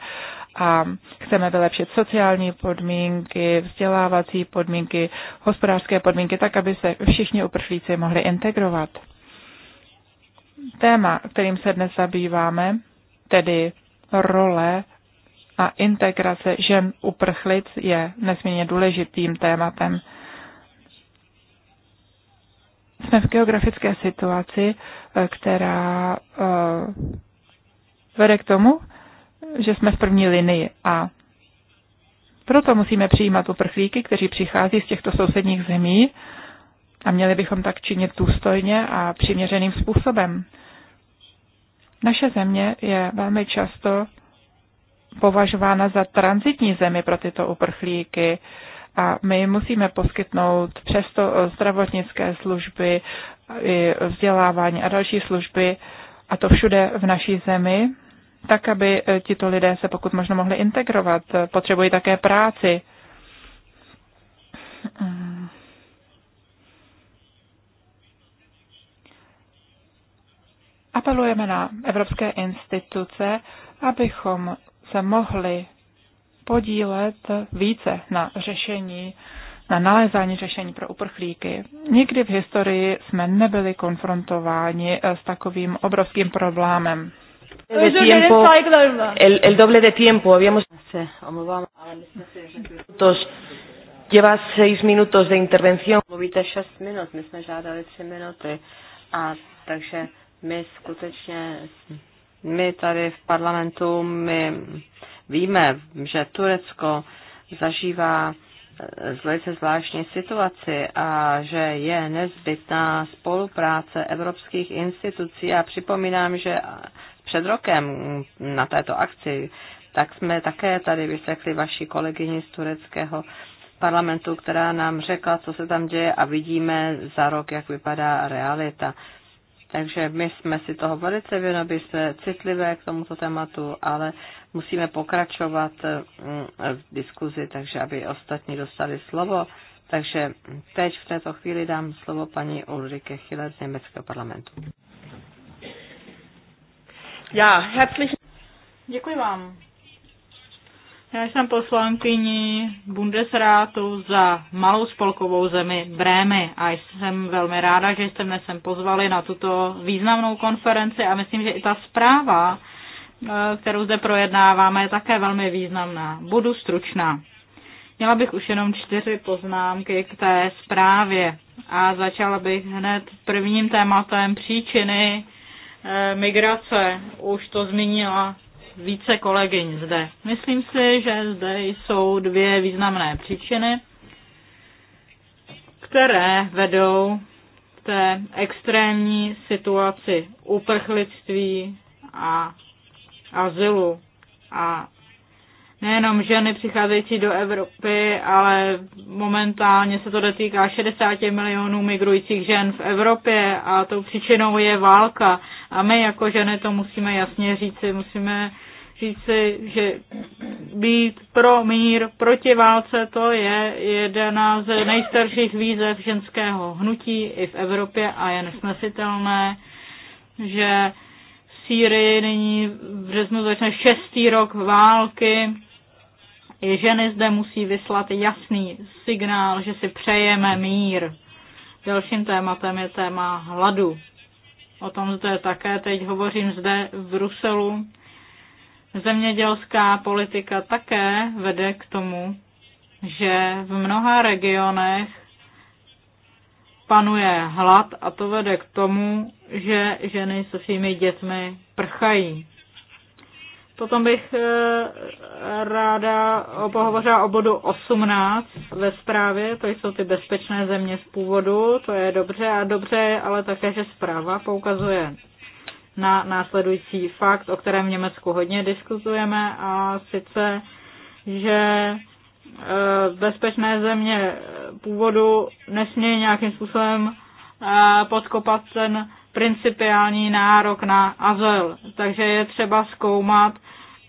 A chceme vylepšit sociální podmínky, vzdělávací podmínky, hospodářské podmínky, tak aby se všichni uprchlíci mohli integrovat téma, kterým se dnes zabýváme, tedy role a integrace žen uprchlic, je nesmírně důležitým tématem. Jsme v geografické situaci, eh, která eh, vede k tomu, že jsme v první linii a proto musíme přijímat uprchlíky, kteří přichází z těchto sousedních zemí a měli bychom tak činit důstojně a přiměřeným způsobem. Naše země je velmi často považována za transitní zemi pro tyto uprchlíky a my musíme poskytnout přesto zdravotnické služby, vzdělávání a další služby, a to všude v naší zemi, tak, aby e, tito lidé se pokud možno mohli integrovat. Potřebují také práci. apelujeme na evropské instituce, abychom se mohli podílet více na řešení, na nalézání řešení pro uprchlíky. Nikdy v historii jsme nebyli konfrontováni s takovým obrovským problémem. De tiempo, el, doble de tiempo, habíamos... Se omlouvám, ale my jsme si řekli... Lleva seis minutos de intervención. Mluvíte šest minut, my jsme žádali tři minuty. A takže my skutečně, my tady v parlamentu, my víme, že Turecko zažívá eh, velice zvláštní situaci a že je nezbytná spolupráce evropských institucí. A připomínám, že před rokem na této akci tak jsme také tady vyslechli vaši kolegyni z tureckého parlamentu, která nám řekla, co se tam děje a vidíme za rok, jak vypadá realita. Takže my jsme si toho velice věnovali, jsme citlivé k tomuto tématu, ale musíme pokračovat mm, v diskuzi, takže aby ostatní dostali slovo. Takže teď v této chvíli dám slovo paní Ulrike Chile z Německého parlamentu. Já, herzlich. Děkuji vám. Já jsem poslankyní Bundesrátu za malou spolkovou zemi Brémy a jsem velmi ráda, že jste mě sem pozvali na tuto významnou konferenci a myslím, že i ta zpráva, e, kterou zde projednáváme, je také velmi významná. Budu stručná. Měla bych už jenom čtyři poznámky k té zprávě a začala bych hned prvním tématem příčiny e, migrace. Už to zmínila více kolegyň zde. Myslím si, že zde jsou dvě významné příčiny, které vedou k té extrémní situaci uprchlictví a azylu. A nejenom ženy přicházející do Evropy, ale momentálně se to dotýká 60 milionů migrujících žen v Evropě a tou příčinou je válka. A my jako ženy to musíme jasně říci, musíme říci, že být pro mír, proti válce, to je jedna z nejstarších výzev ženského hnutí i v Evropě a je nesnesitelné, že v Sýrii nyní v březnu začne šestý rok války. I ženy zde musí vyslat jasný signál, že si přejeme mír. Dalším tématem je téma hladu. O tom zde také teď hovořím zde v Bruselu Zemědělská politika také vede k tomu, že v mnoha regionech panuje hlad a to vede k tomu, že ženy se svými dětmi prchají. Potom bych eh, ráda pohovořila o bodu 18 ve zprávě, to jsou ty bezpečné země z původu, to je dobře a dobře, ale také, že zpráva poukazuje na následující fakt, o kterém v Německu hodně diskutujeme, a sice, že eh, bezpečné země původu nesmějí nějakým způsobem eh, podkopat ten principiální nárok na azyl. Takže je třeba zkoumat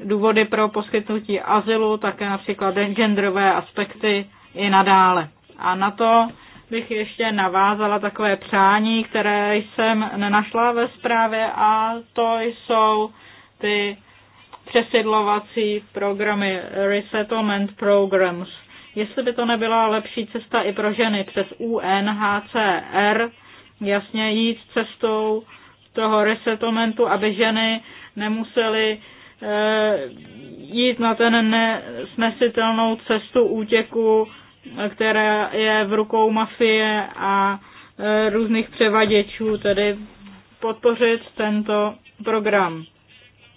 důvody pro poskytnutí azylu, také například genderové aspekty i nadále. A na to bych ještě navázala takové přání, které jsem nenašla ve zprávě a to jsou ty přesidlovací programy, resettlement programs. Jestli by to nebyla lepší cesta i pro ženy přes UNHCR, jasně jít cestou toho resettlementu, aby ženy nemusely e, jít na ten nesnesitelnou cestu útěku která je v rukou mafie a e, různých převaděčů, tedy podpořit tento program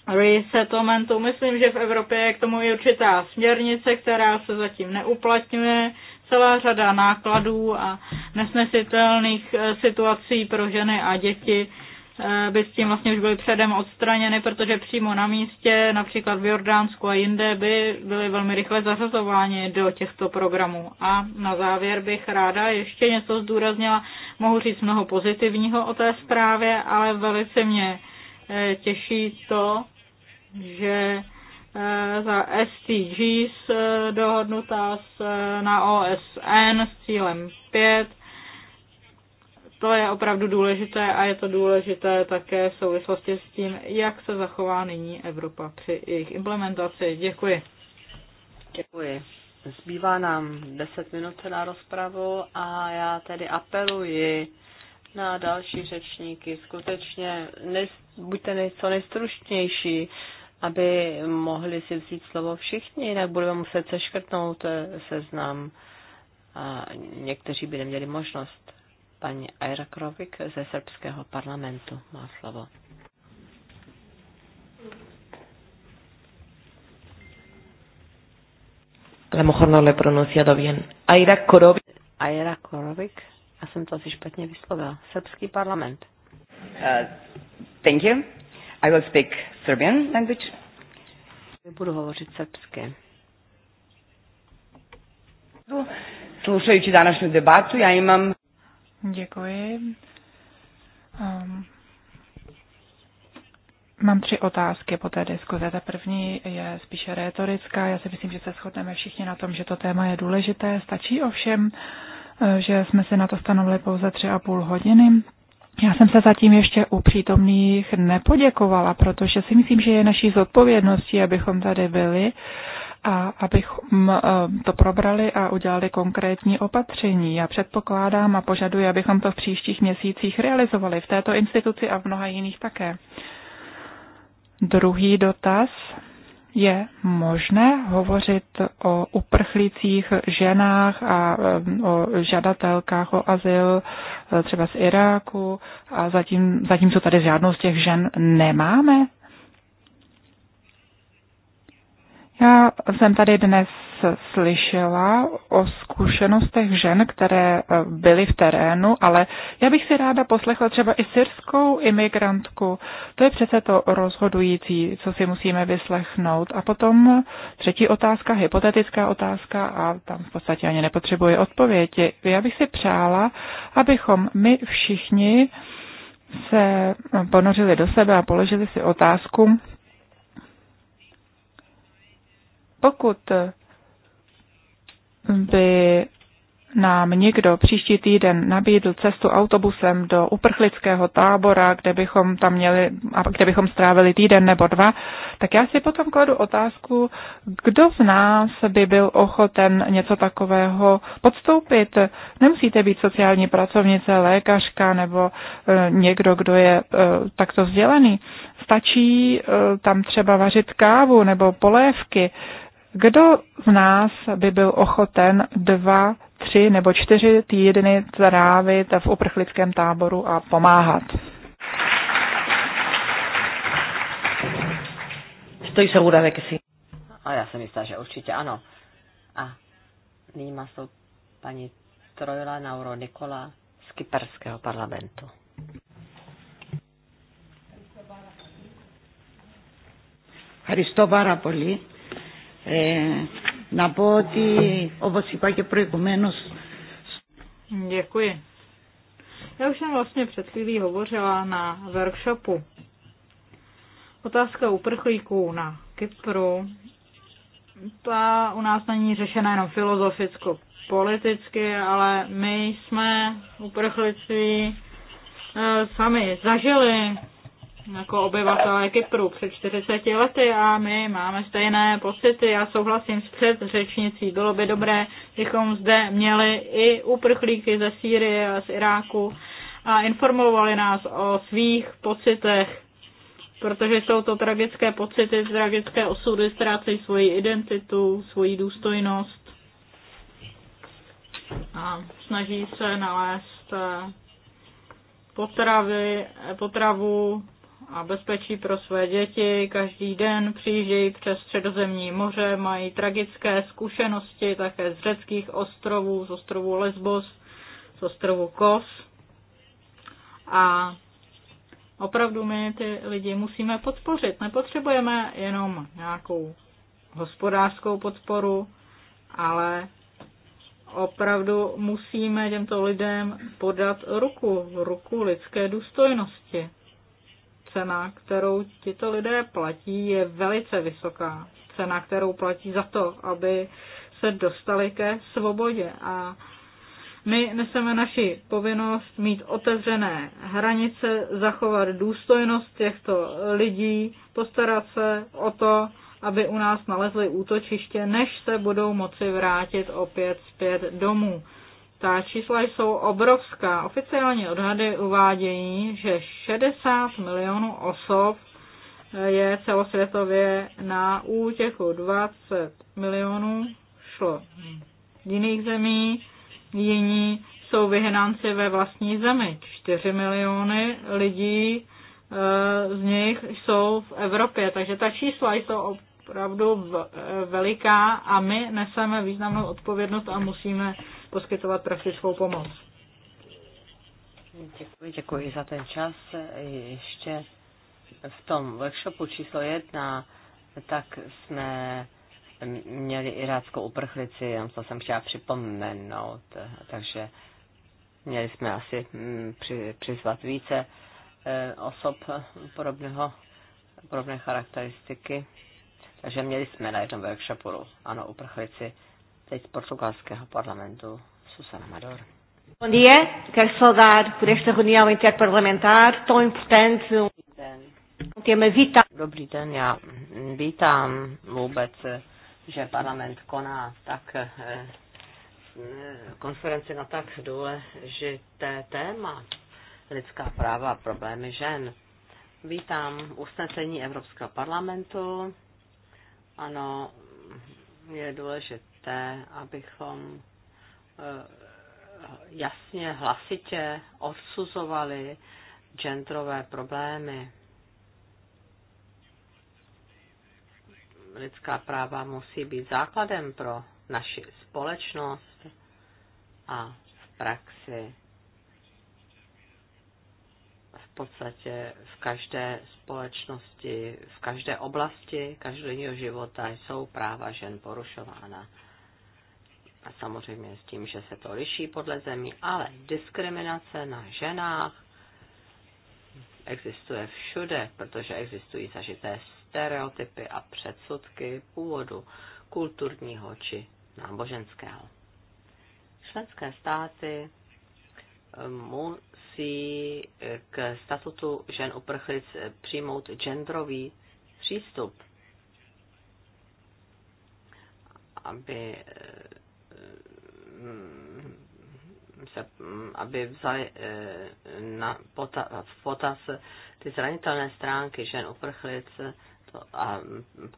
resettlementu. Myslím, že v Evropě je k tomu i určitá směrnice, která se zatím neuplatňuje, celá řada nákladů a nesnesitelných e, situací pro ženy a děti Eh, by s tím vlastně už byly předem odstraněny, protože přímo na místě, například v Jordánsku a jinde, by byly velmi rychle zařazováni do těchto programů. A na závěr bych ráda ještě něco zdůraznila. Mohu říct mnoho pozitivního o té zprávě, ale velice mě eh, těší to, že eh, za SDGs dohodnutá na OSN s cílem 5 to je opravdu důležité a je to důležité také v souvislosti s tím, jak se zachová nyní Evropa při jejich implementaci. Děkuji. Děkuji. Zbývá nám 10 minut na rozpravu a já tedy apeluji na další řečníky. Skutečně nej, buďte nej, co nejstručnější, aby mohli si vzít slovo všichni, jinak budeme muset seškrtnout eh, seznam a někteří by neměli možnost. Paní Aira Krovik ze srbského parlamentu má slovo. A lo mejor no lo he pronunciado bien. Aira Korovic. Aira Korovic. Já jsem to asi špatně vyslovil. Srbský parlament. Uh, thank you. I will speak Serbian language. Budu hovořit srbské. Slušajući današnju debatu, ja imam... Děkuji. Um, mám tři otázky po té diskuze. Ta první je spíše retorická. Já si myslím, že se shodneme všichni na tom, že to téma je důležité. Stačí ovšem, eh, že jsme si na to stanovili pouze tři a půl hodiny. Já jsem se zatím ještě u přítomných nepoděkovala, protože si myslím, že je naší zodpovědností, abychom tady byli a abychom eh, to probrali a udělali konkrétní opatření. Já předpokládám a požaduji, abychom to v příštích měsících realizovali v této instituci a v mnoha jiných také. Druhý dotaz je možné hovořit o uprchlících ženách a eh, o žadatelkách o azyl eh, třeba z Iráku a zatím, zatímco tady žádnou z těch žen nemáme Já jsem tady dnes slyšela o zkušenostech žen, které eh, byly v terénu, ale já bych si ráda poslechla třeba i syrskou imigrantku. To je přece to rozhodující, co si musíme vyslechnout. A potom třetí otázka, hypotetická otázka a tam v podstatě ani nepotřebuje odpovědi. Já bych si přála, abychom my všichni se ponořili do sebe a položili si otázku, Pokud by nám někdo příští týden nabídl cestu autobusem do uprchlického tábora, kde bychom tam měli, kde bychom strávili týden nebo dva, tak já si potom kladu otázku, kdo z nás by byl ochoten něco takového podstoupit. Nemusíte být sociální pracovnice, lékařka nebo e, někdo, kdo je e, takto vzdělený. Stačí e, tam třeba vařit kávu nebo polévky kdo z nás by byl ochoten dva, tři nebo čtyři týdny trávit v uprchlickém táboru a pomáhat? Stojí se de que sí. A já jsem jistá, že určitě ano. A nyní má slovo paní Trojla Nauro Nikola z Kyperského parlamentu. Ευχαριστώ poli. Ε, να πω ότι, όπως είπα και προηγουμένως... Děkuji. Já už jsem vlastně před chvílí hovořila na workshopu. Otázka uprchlíků na Kypru, ta u nás není řešena jenom filozoficko, politicky, ale my jsme uprchlictví e, sami zažili jako obyvatelé Kypru před 40 lety a my máme stejné pocity. Já souhlasím s předřečnicí. Bylo by dobré, kdybychom zde měli i uprchlíky ze Sýrie a z Iráku a informovali nás o svých pocitech, protože jsou to tragické pocity, tragické osudy, ztrácejí svoji identitu, svoji důstojnost a snaží se nalézt potravy, potravu, a bezpečí pro své děti. Každý den přijíždějí přes středozemní moře, mají tragické zkušenosti také z řeckých ostrovů, z ostrovu Lesbos, z ostrovu Kos. A opravdu my ty lidi musíme podpořit. Nepotřebujeme jenom nějakou hospodářskou podporu, ale opravdu musíme těmto lidem podat ruku, ruku lidské důstojnosti cena, kterou tito lidé platí, je velice vysoká. Cena, kterou platí za to, aby se dostali ke svobodě. A my neseme naši povinnost mít otevřené hranice, zachovat důstojnost těchto lidí, postarat se o to, aby u nás nalezli útočiště, než se budou moci vrátit opět zpět domů. Ta čísla jsou obrovská. Oficiální odhady uvádějí, že 60 milionů osob je celosvětově na útěku. 20 milionů šlo jiných zemí, jiní jsou vyhnanci ve vlastní zemi. 4 miliony lidí eh, z nich jsou v Evropě, takže ta čísla jsou opravdu eh, veliká a my neseme významnou odpovědnost a musíme poskytovat praktickou pomoc. Děkuji, děkuji za ten čas. Ještě v tom workshopu číslo jedna, tak jsme měli iráckou uprchlici, jenom to jsem chtěla připomenout, takže měli jsme asi mm, při, přizvat více eh, osob podobného, podobné charakteristiky. Takže měli jsme na jednom workshopu, ano, uprchlici, Teď z portugalského parlamentu Susana Mador. Bom dia, quero saudar por esta reunião interparlamentar tão importante, um tema vital. Dobrý den, já vítám vůbec, že parlament koná tak eh, eh, konferenci na tak důležité téma lidská práva a problémy žen. Vítám usnesení Evropského parlamentu. Ano, je důležité důležité, abychom eh, jasně, hlasitě odsuzovali gendrové problémy. Lidská práva musí být základem pro naši společnost a v praxi v podstatě v každé společnosti, v každé oblasti každodenního života jsou práva žen porušována a samozřejmě s tím, že se to liší podle zemí, ale diskriminace na ženách existuje všude, protože existují zažité stereotypy a předsudky původu kulturního či náboženského. Členské státy eh, musí eh, k statutu žen uprchlic eh, přijmout genderový přístup, aby se, aby vzali eh, na pota, v potaz ty zranitelné stránky žen uprchlic to, a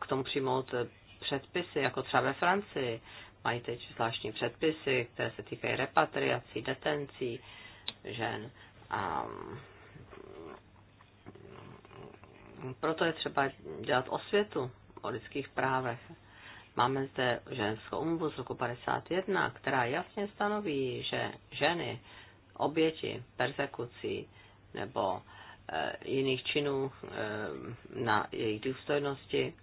k tomu přijmout předpisy, jako třeba ve Francii. Mají teď zvláštní předpisy, které se týkají repatriací, detencí žen. A mm, proto je třeba dělat osvětu o lidských právech Máme zde ženskou umluvu z roku 51, která jasně stanoví, že ženy, oběti persekucí nebo e, jiných činů e, na jejich důstojnosti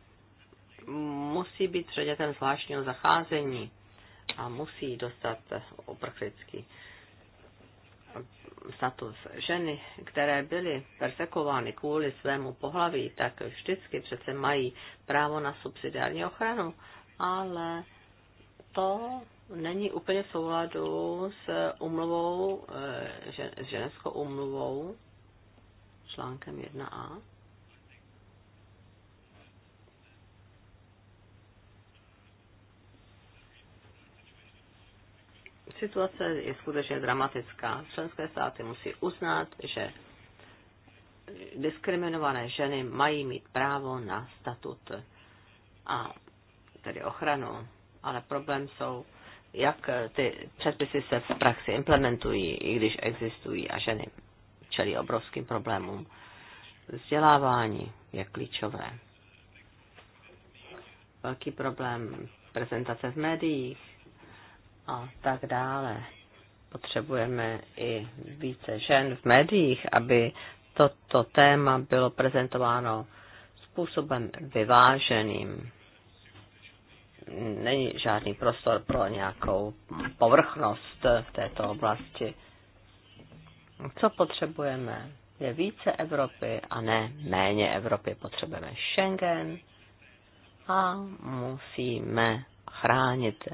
musí být předmětem zvláštního zacházení a musí dostat uprchlický status. Ženy, které byly persekovány kvůli svému pohlaví, tak vždycky přece mají právo na subsidiární ochranu ale to není úplně v souladu s umluvou, eh, s ženskou umluvou, článkem 1a. Situace je skutečně dramatická. Členské státy musí uznat, že diskriminované ženy mají mít právo na statut. A tedy ochranu, ale problém jsou, jak ty předpisy se v praxi implementují, i když existují a ženy čelí obrovským problémům. Vzdělávání je klíčové. Velký problém prezentace v médiích a tak dále. Potřebujeme i více žen v médiích, aby toto téma bylo prezentováno způsobem vyváženým není žádný prostor pro nějakou povrchnost v této oblasti. Co potřebujeme? Je více Evropy a ne méně Evropy. Potřebujeme Schengen a musíme chránit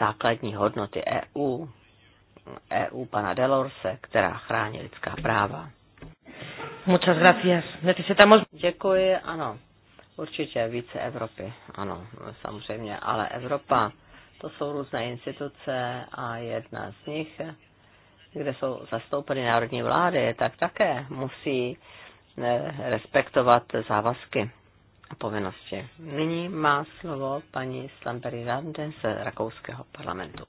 základní hodnoty EU, EU pana Delorse, která chrání lidská práva. Muchas gracias. Necesitamos... Děkuji, ano. Určitě více Evropy, ano, samozřejmě, ale Evropa, to jsou různé instituce a jedna z nich, kde jsou zastoupeny národní vlády, tak také musí eh, respektovat závazky a povinnosti. Nyní má slovo paní Slamperi Rande z Rakouského parlamentu.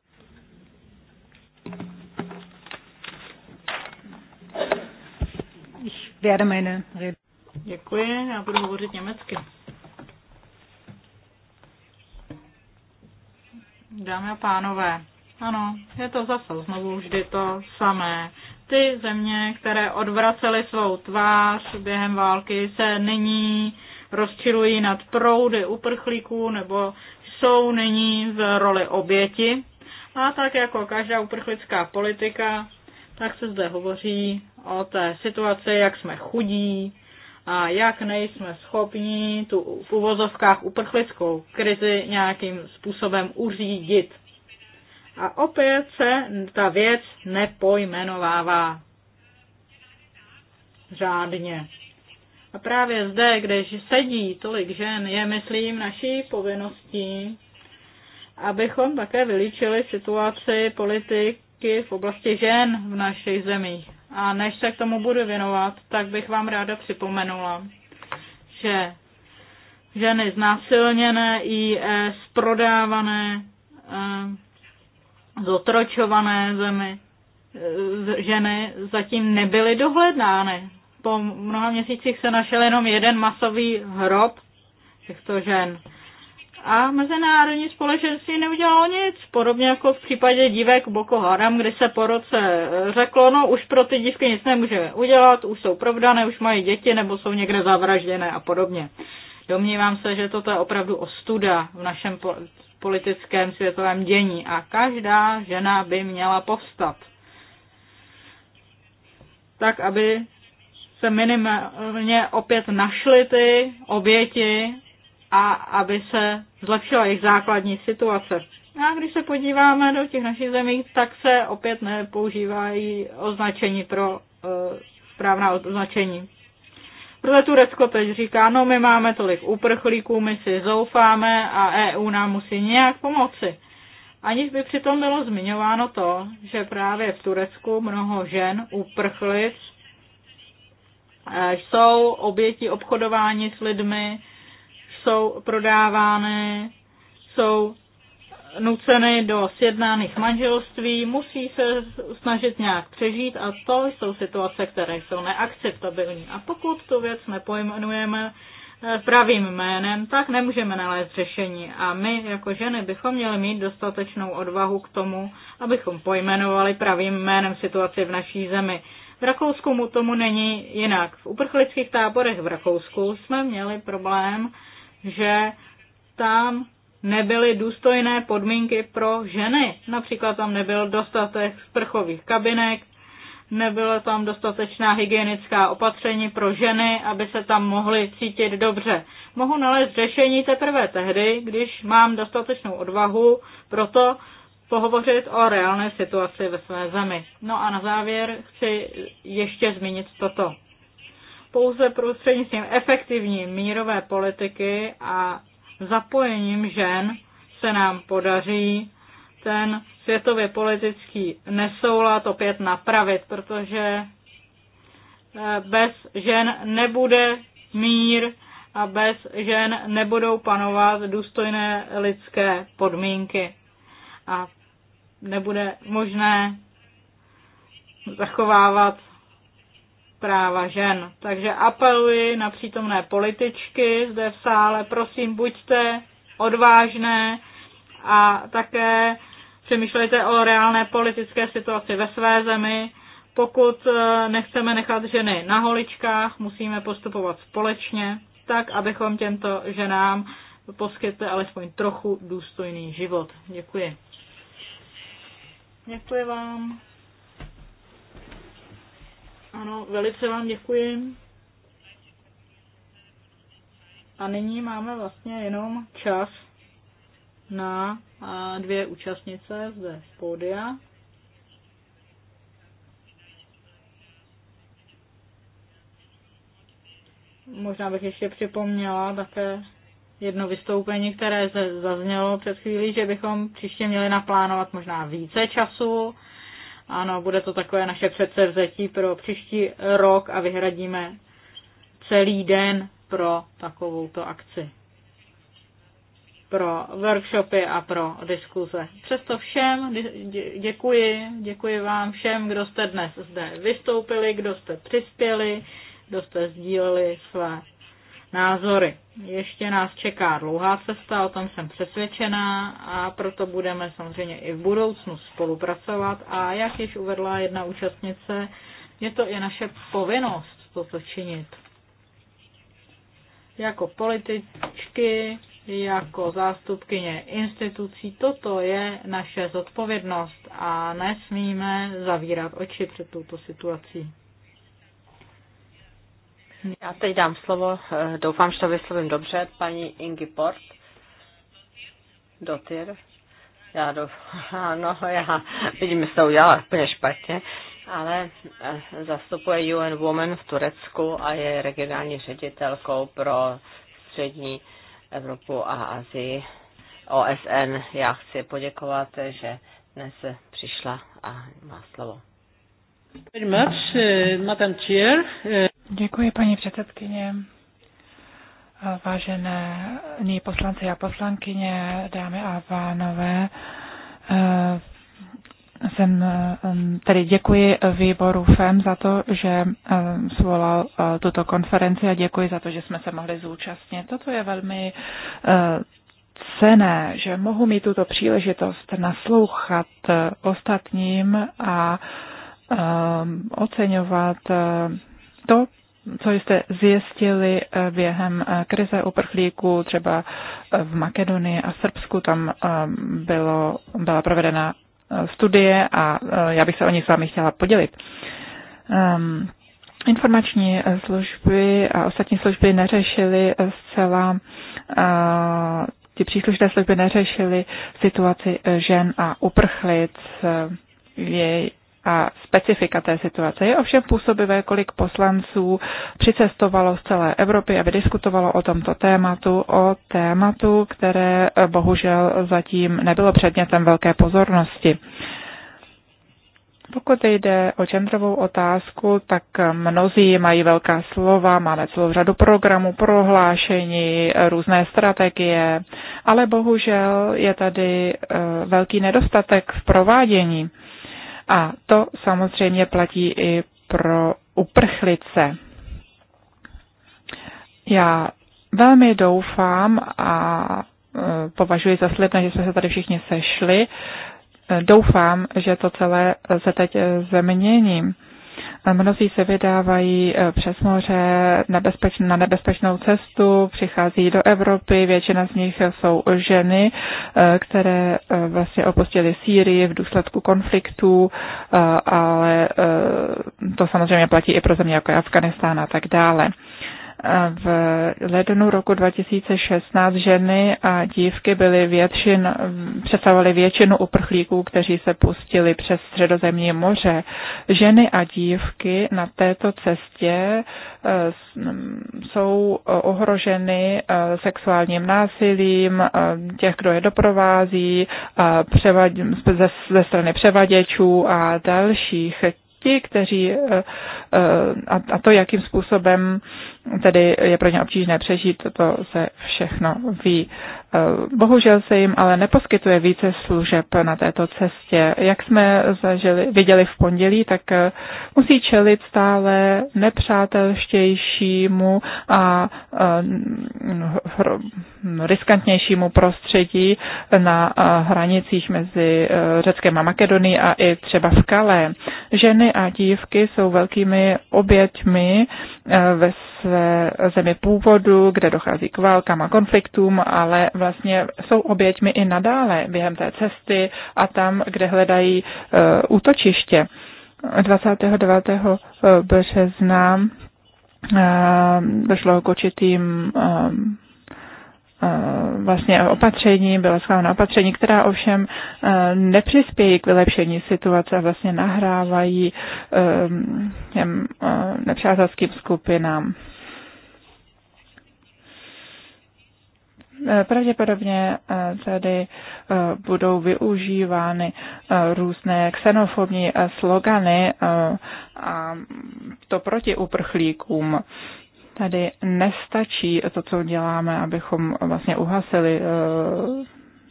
Ich werde meine Rede. Děkuji, já budu hovořit německy. Dámy a pánové, ano, je to zase znovu vždy to samé. Ty země, které odvracely svou tvář během války, se nyní rozčilují nad proudy uprchlíků nebo jsou nyní v roli oběti. A tak jako každá uprchlická politika, tak se zde hovoří o té situaci, jak jsme chudí, a jak nejsme schopni tu v uvozovkách uprchlickou krizi nějakým způsobem uřídit. A opět se ta věc nepojmenovává řádně. A právě zde, kde sedí tolik žen, je, myslím, naší povinností, abychom také vylíčili situaci politiky v oblasti žen v našich zemích. A než se k tomu budu věnovat, tak bych vám ráda připomenula, že ženy znásilněné, IS, prodávané, eh, zotročované zemi, eh, ženy zatím nebyly dohlednány. Po mnoha měsících se našel jenom jeden masový hrob těchto žen a mezinárodní společenství neudělalo nic. Podobně jako v případě dívek Boko Haram, kdy se po roce e, řeklo, no už pro ty dívky nic nemůžeme udělat, už jsou provdané, už mají děti nebo jsou někde zavražděné a podobně. Domnívám se, že toto je opravdu ostuda v našem politickém světovém dění a každá žena by měla povstat. Tak, aby se minimálně opět našly ty oběti a aby se zlepšila jejich základní situace. A když se podíváme do těch našich zemí, tak se opět nepoužívají označení pro e, správná označení. Proto Turecko teď říká, no my máme tolik uprchlíků, my si zoufáme a EU nám musí nějak pomoci. Aniž by přitom bylo zmiňováno to, že právě v Turecku mnoho žen uprchlic e, jsou oběti obchodování s lidmi, jsou prodávány, jsou nuceny do sjednáných manželství, musí se snažit nějak přežít a to jsou situace, které jsou neakceptabilní. A pokud tu věc nepojmenujeme eh, pravým jménem, tak nemůžeme nalézt řešení. A my jako ženy bychom měli mít dostatečnou odvahu k tomu, abychom pojmenovali pravým jménem situaci v naší zemi. V Rakousku mu tomu není jinak. V uprchlických táborech v Rakousku jsme měli problém, že tam nebyly důstojné podmínky pro ženy. Například tam nebyl dostatek sprchových kabinek, nebylo tam dostatečná hygienická opatření pro ženy, aby se tam mohly cítit dobře. Mohu nalézt řešení teprve tehdy, když mám dostatečnou odvahu pro to pohovořit o reálné situaci ve své zemi. No a na závěr chci ještě zmínit toto pouze prostřednictvím efektivní mírové politiky a zapojením žen se nám podaří ten světově politický nesoulad opět napravit, protože eh, bez žen nebude mír a bez žen nebudou panovat důstojné lidské podmínky a nebude možné zachovávat práva žen. Takže apeluji na přítomné političky zde v sále, prosím, buďte odvážné a také přemýšlejte o reálné politické situaci ve své zemi. Pokud eh, nechceme nechat ženy na holičkách, musíme postupovat společně, tak abychom těmto ženám poskytli alespoň trochu důstojný život. Děkuji. Děkuji vám. Ano, velice vám děkuji. A nyní máme vlastně jenom čas na dvě účastnice zde z pódia. Možná bych ještě připomněla také jedno vystoupení, které zaznělo před chvílí, že bychom příště měli naplánovat možná více času ano, bude to takové naše předsevzetí pro příští rok a vyhradíme celý den pro takovouto akci. Pro workshopy a pro diskuze. Přesto všem děkuji, děkuji vám všem, kdo jste dnes zde vystoupili, kdo jste přispěli, kdo jste sdíleli své názory. Ještě nás čeká dlouhá cesta, o tom jsem přesvědčená a proto budeme samozřejmě i v budoucnu spolupracovat a jak již uvedla jedna účastnice, je to i naše povinnost toto činit. Jako političky, jako zástupkyně institucí, toto je naše zodpovědnost a nesmíme zavírat oči před touto situací. Já teď dám slovo, eh, doufám, že to vyslovím dobře, paní Ingi Port. Dotyr. Já doufám, <laughs> no já vidím, že se udělala úplně špatně, ale eh, zastupuje UN Women v Turecku a je regionální ředitelkou pro střední Evropu a Azii. OSN. Já chci poděkovat, že dnes přišla a má slovo. Very much, uh, Madam Chair. Uh... Děkuji, paní předsedkyně. Vážené poslanci a poslankyně, dámy a pánové, jsem tedy děkuji výboru FEM za to, že svolal e, tuto konferenci a děkuji za to, že jsme se mohli zúčastnit. Toto je velmi e, cené, že mohu mít tuto příležitost naslouchat e, ostatním a oceňovat to, co jste zjistili eh, během eh, krize uprchlíků, třeba eh, v Makedonii a Srbsku, tam bylo, byla provedena studie a já bych se o ní s vámi chtěla podělit. Ehm, informační služby a ostatní služby neřešily zcela ty příslušné služby neřešily situaci žen a uprchlic, a specifika té situace. Je ovšem působivé, kolik poslanců přicestovalo z celé Evropy, aby diskutovalo o tomto tématu, o tématu, které eh, bohužel zatím nebylo předmětem velké pozornosti. Pokud jde o genderovou otázku, tak mnozí mají velká slova, máme celou řadu programů, prohlášení, různé strategie, ale bohužel je tady eh, velký nedostatek v provádění. A to samozřejmě platí i pro uprchlice. Já velmi doufám a e, považuji za slibné, že jsme se tady všichni sešli. E, doufám, že to celé se teď e, změní. Mnozí se vydávají e, přes moře na nebezpečnou cestu, přichází do Evropy, většina z nich jsou ženy, e, které e, vlastně opustily Sýrii v důsledku konfliktů, ale to samozřejmě platí i pro země jako je Afganistán a tak dále v lednu roku 2016 ženy a dívky byly většin, představovaly většinu uprchlíků, kteří se pustili přes Středozemní moře. Ženy a dívky na této cestě eh, jsou ohroženy eh, sexuálním násilím eh, těch, kdo je doprovází, ze strany převaděčů a dalších ti, kteří a to, jakým způsobem tedy je pro ně obtížné přežít, to se všechno ví. Eh, bohužel se jim ale neposkytuje více služeb na této cestě. Jak jsme zažili, viděli v pondělí, tak eh, musí čelit stále nepřátelštějšímu a eh, riskantnějšímu prostředí na hranicích mezi Řeckem a Makedonií a i třeba v Kale. Ženy a dívky jsou velkými oběťmi ve své zemi původu, kde dochází k válkám a konfliktům, ale vlastně jsou oběťmi i nadále během té cesty a tam, kde hledají e, útočiště. 29. E, března e, došlo k určitým vlastně opatření, byla schválena opatření, která ovšem nepřispějí k vylepšení situace a vlastně nahrávají těm nepřátelským skupinám. Eh, pravděpodobně eh, tedy eh, budou využívány různé xenofobní slogany a to proti uprchlíkům. Tady nestačí to, co děláme, abychom vlastně uhasili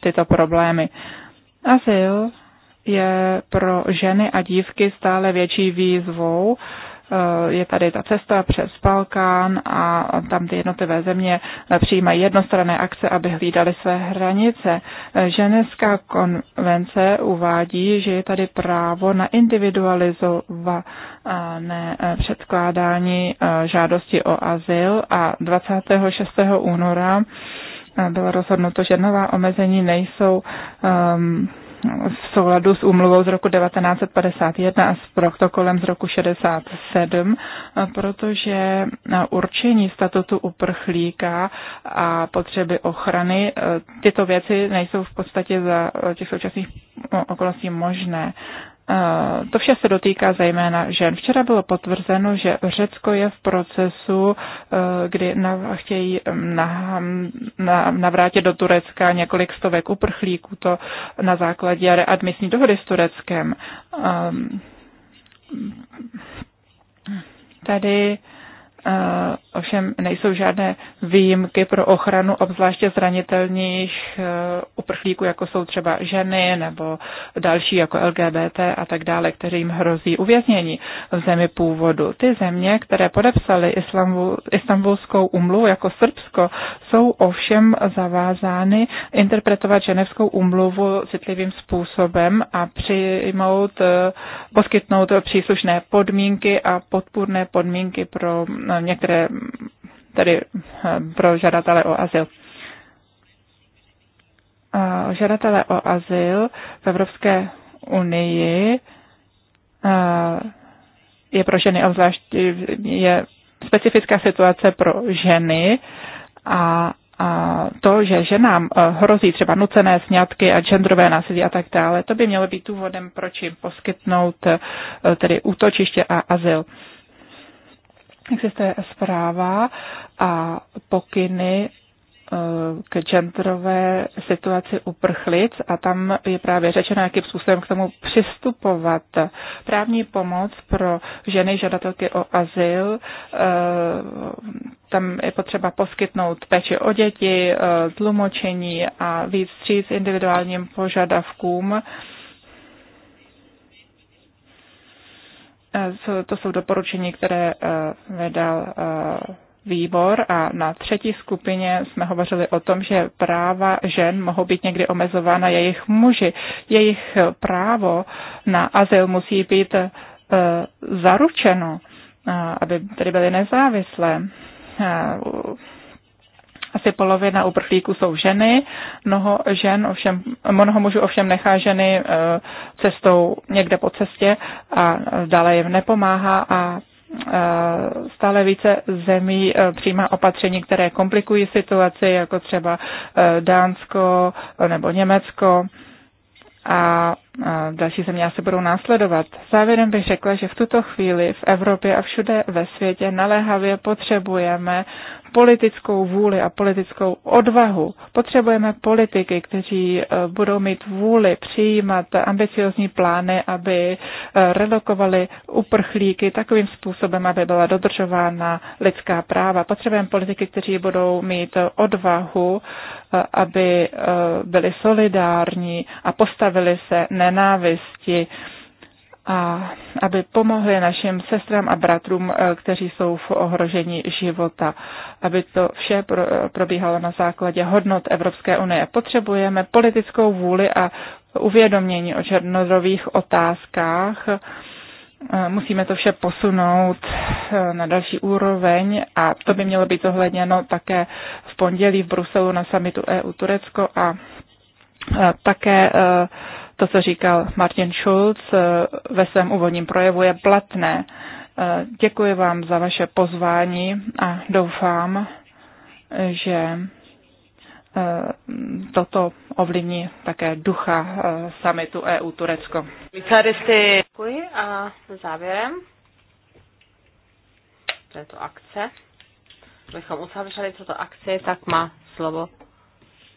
tyto problémy. Azyl je pro ženy a dívky stále větší výzvou Eh, je tady ta cesta přes Balkán a tam ty jednotlivé země eh, přijímají jednostranné akce, aby hlídali své hranice. Eh, ženevská konvence uvádí, že je tady právo na individualizované předkládání žádosti o azyl a 26. února bylo rozhodnuto, že nová omezení nejsou um, v souladu s úmluvou z roku 1951 a s protokolem z roku 67, protože určení statutu uprchlíka a potřeby ochrany, e, tyto věci nejsou v podstatě za těch současných okolností možné. Eh, to vše se dotýká zejména žen. Včera bylo potvrzeno, že Řecko je v procesu, eh, kdy chtějí navrátit do Turecka několik stovek uprchlíků, to na základě readmisní dohody s Tureckem. Tady Eh, ovšem nejsou žádné výjimky pro ochranu obzvláště zranitelných eh, uprchlíků, jako jsou třeba ženy nebo další jako LGBT a tak dále, kterým hrozí uvěznění v zemi původu. Ty země, které podepsaly Istanbulskou umluvu jako Srbsko, jsou ovšem zavázány interpretovat ženevskou umluvu citlivým způsobem a přijmout, eh, poskytnout příslušné podmínky a podpůrné podmínky pro některé tedy eh, pro žadatele o azyl. Žadatele o azyl v Evropské unii eh, je pro ženy obzvlášť je specifická situace pro ženy a, a to, že ženám eh, hrozí třeba nucené sňatky a genderové násilí a tak dále, to by mělo být důvodem, proč jim poskytnout tedy útočiště a azyl existuje zpráva a pokyny e, k genderové situaci uprchlic a tam je právě řečeno, jakým způsobem k tomu přistupovat. Právní pomoc pro ženy žadatelky o azyl, e, tam je potřeba poskytnout péči o děti, e, tlumočení a víc stříc individuálním požadavkům Eh, to jsou doporučení, které eh, vydal eh, výbor a na třetí skupině jsme hovořili o tom, že práva žen mohou být někdy omezována jejich muži. Jejich právo na azyl musí být zaručeno, aby tedy byly nezávislé. Asi polovina uprchlíků jsou ženy, mnoho žen ovšem, mnoho mužů ovšem nechá ženy eh, cestou někde po cestě a dále jim nepomáhá a eh, stále více zemí eh, přijímá opatření, které komplikují situaci, jako třeba Dánsko nebo Německo a další země asi budou následovat. Závěrem bych řekla, že v tuto chvíli v Evropě a všude ve světě naléhavě potřebujeme politickou vůli a politickou odvahu. Potřebujeme politiky, kteří eh, budou mít vůli přijímat ambiciozní plány, aby eh, relokovali uprchlíky takovým způsobem, aby byla dodržována lidská práva. Potřebujeme politiky, kteří budou mít odvahu, eh, aby byli solidární a postavili se nenávisti a aby pomohli našim sestrám a bratrům, eh, kteří jsou v ohrožení života. Aby to vše eh, probíhalo na základě hodnot Evropské unie. Potřebujeme politickou vůli a uvědomění o černorových otázkách. Eh, musíme to vše posunout na další úroveň a to by mělo být zohledněno také v pondělí v Bruselu na samitu EU Turecko a také uh, to, co říkal Martin Schulz eh, ve svém úvodním projevu, je platné. Eh, děkuji vám za vaše pozvání a doufám, že eh, toto ovlivní také ducha samitu EU Turecko. Děkuji a závěrem této akce, abychom uzavřeli tuto akci, tak má slovo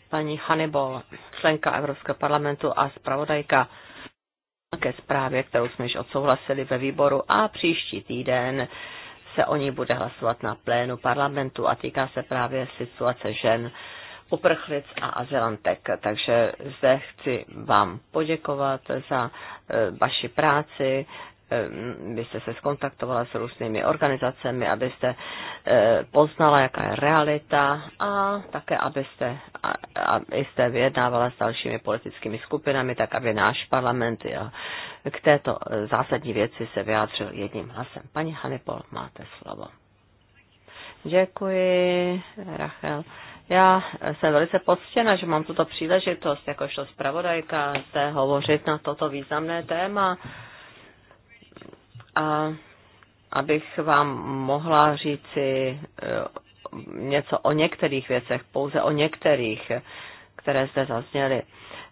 paní Hannibal, členka Evropského parlamentu a zpravodajka ke zprávě, kterou jsme již odsouhlasili ve výboru a příští týden se o ní bude hlasovat na plénu parlamentu a týká se právě situace žen uprchlic a azylantek. Takže zde chci vám poděkovat za eh, vaši práci, Ehm, byste se skontaktovala s různými organizacemi, abyste eh, poznala, jaká je realita a také, abyste, abyste vyjednávala s dalšími politickými skupinami, tak aby náš parlament eh, k této eh, zásadní věci se vyjádřil jedním hlasem. Paní Hanipol, máte slovo. Děkuji, Rachel. Já jsem velice poctěna, že mám tuto příležitost, jakožto zpravodajka, se hovořit na toto významné téma a abych vám mohla říci eh, něco o některých věcech, pouze o některých, které zde zazněly.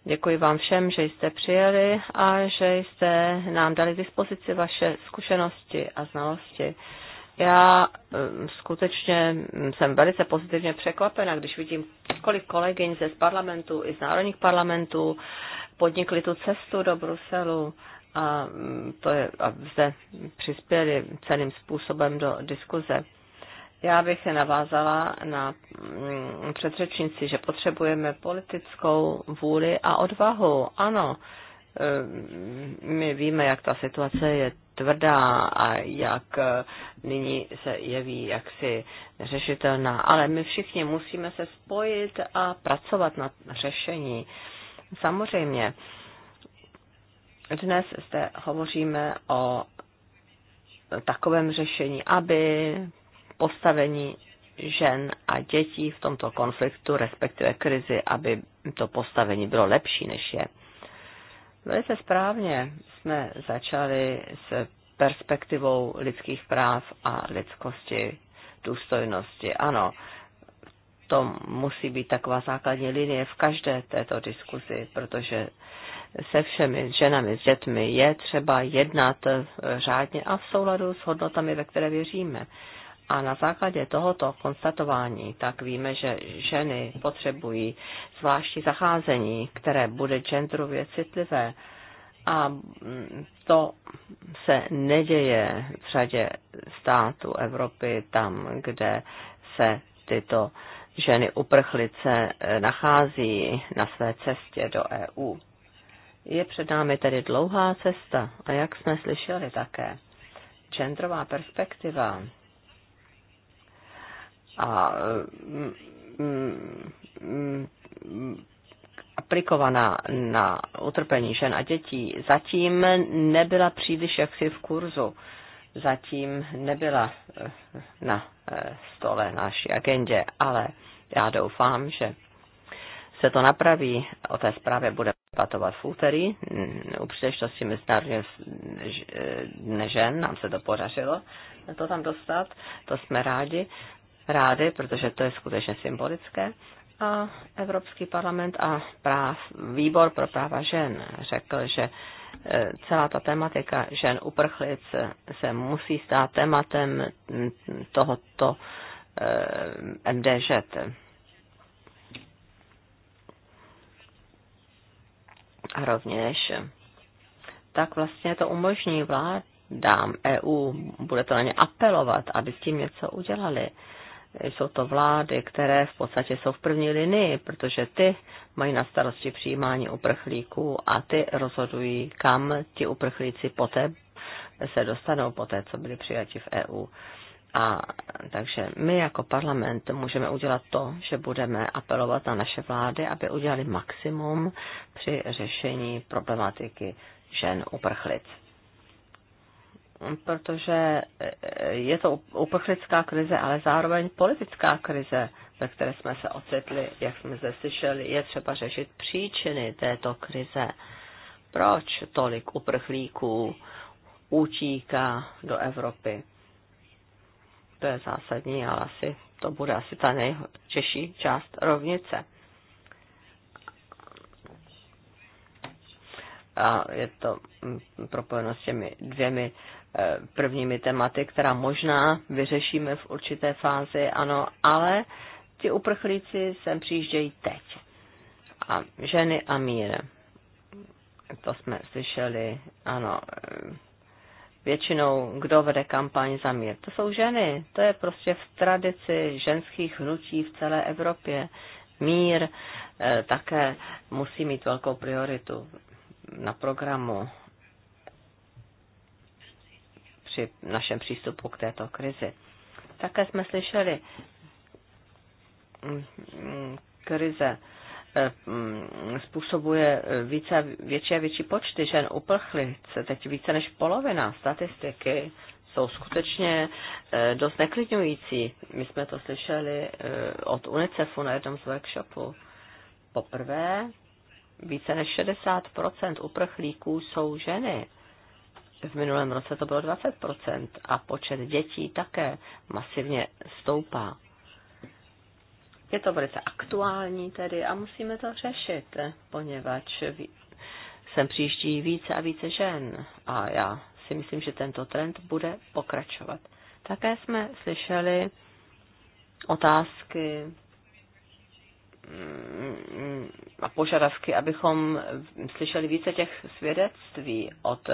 Děkuji vám všem, že jste přijeli a že jste nám dali k dispozici vaše zkušenosti a znalosti. Já eh, skutečně mm, jsem velice pozitivně překvapena, když vidím, kolik kolegyň ze z parlamentu i z národních parlamentů podnikli tu cestu do Bruselu a, mm, to je, a zde přispěli celým způsobem do diskuze. Já bych navázala na mm, předřečnici, že potřebujeme politickou vůli a odvahu. Ano, mm, my víme, jak ta situace je tvrdá a jak nyní se jeví jaksi neřešitelná, ale my všichni musíme se spojit a pracovat na řešení. Samozřejmě, dnes zde hovoříme o takovém řešení, aby postavení žen a dětí v tomto konfliktu, respektive krizi, aby to postavení bylo lepší, než je. Velice správně jsme začali s perspektivou lidských práv a lidskosti, důstojnosti. Ano, to musí být taková základní linie v každé této diskuzi, protože se všemi ženami, s dětmi je třeba jednat eh, řádně a v souladu s hodnotami, ve které věříme. A na základě tohoto konstatování tak víme, že ženy potřebují zvláštní zacházení, které bude genderově citlivé. A to se neděje v řadě států Evropy, tam, kde se tyto ženy uprchlice eh, nachází na své cestě do EU. Je před námi tedy dlouhá cesta a jak jsme slyšeli také, genderová perspektiva a mm, mm, aplikovaná na utrpení žen a dětí zatím nebyla příliš jaksi v kurzu, zatím nebyla eh, na eh, stole naší agendě, ale já doufám, že se to napraví, o té zprávě bude debatovat v úterý mm, u příležitosti Mezinárodního dne žen, nám se to podařilo to tam dostat, to jsme rádi, rádi, protože to je skutečně symbolické. A Evropský parlament a práv, výbor pro práva žen řekl, že e, celá ta tematika žen uprchlic se musí stát tématem mm, tohoto e, MDŽ, A rovněž tak vlastně to umožní vládám EU, bude to na ně apelovat, aby s tím něco udělali. Jsou to vlády, které v podstatě jsou v první linii, protože ty mají na starosti přijímání uprchlíků a ty rozhodují, kam ti uprchlíci poté se dostanou poté, co byli přijati v EU. A takže my jako parlament můžeme udělat to, že budeme apelovat na naše vlády, aby udělali maximum při řešení problematiky žen uprchlic. Protože eh, je to uprchlická krize, ale zároveň politická krize, ve které jsme se ocitli, jak jsme zde slyšeli, je třeba řešit příčiny této krize. Proč tolik uprchlíků utíká do Evropy? to je zásadní, ale asi to bude asi ta nejtěžší část rovnice. A je to propojeno s těmi dvěmi eh, prvními tématy, která možná vyřešíme v určité fázi, ano, ale ti uprchlíci sem přijíždějí teď. A ženy a mír. To jsme slyšeli, ano, eh, většinou, kdo vede kampaň za mír. To jsou ženy. To je prostě v tradici ženských hnutí v celé Evropě. Mír eh, také musí mít velkou prioritu na programu při našem přístupu k této krizi. Také jsme slyšeli mm, mm, krize Eh, mm, způsobuje více, větší a větší počty žen uprchlic, teď více než polovina statistiky, jsou skutečně eh, dost neklidňující. My jsme to slyšeli eh, od UNICEFu na jednom z workshopů. Poprvé více než 60% uprchlíků jsou ženy. V minulém roce to bylo 20% a počet dětí také masivně stoupá. Je to velice aktuální tedy a musíme to řešit, poněvadž sem příští více a více žen a já si myslím, že tento trend bude pokračovat. Také jsme slyšeli otázky mm, a požadavky, abychom slyšeli více těch svědectví od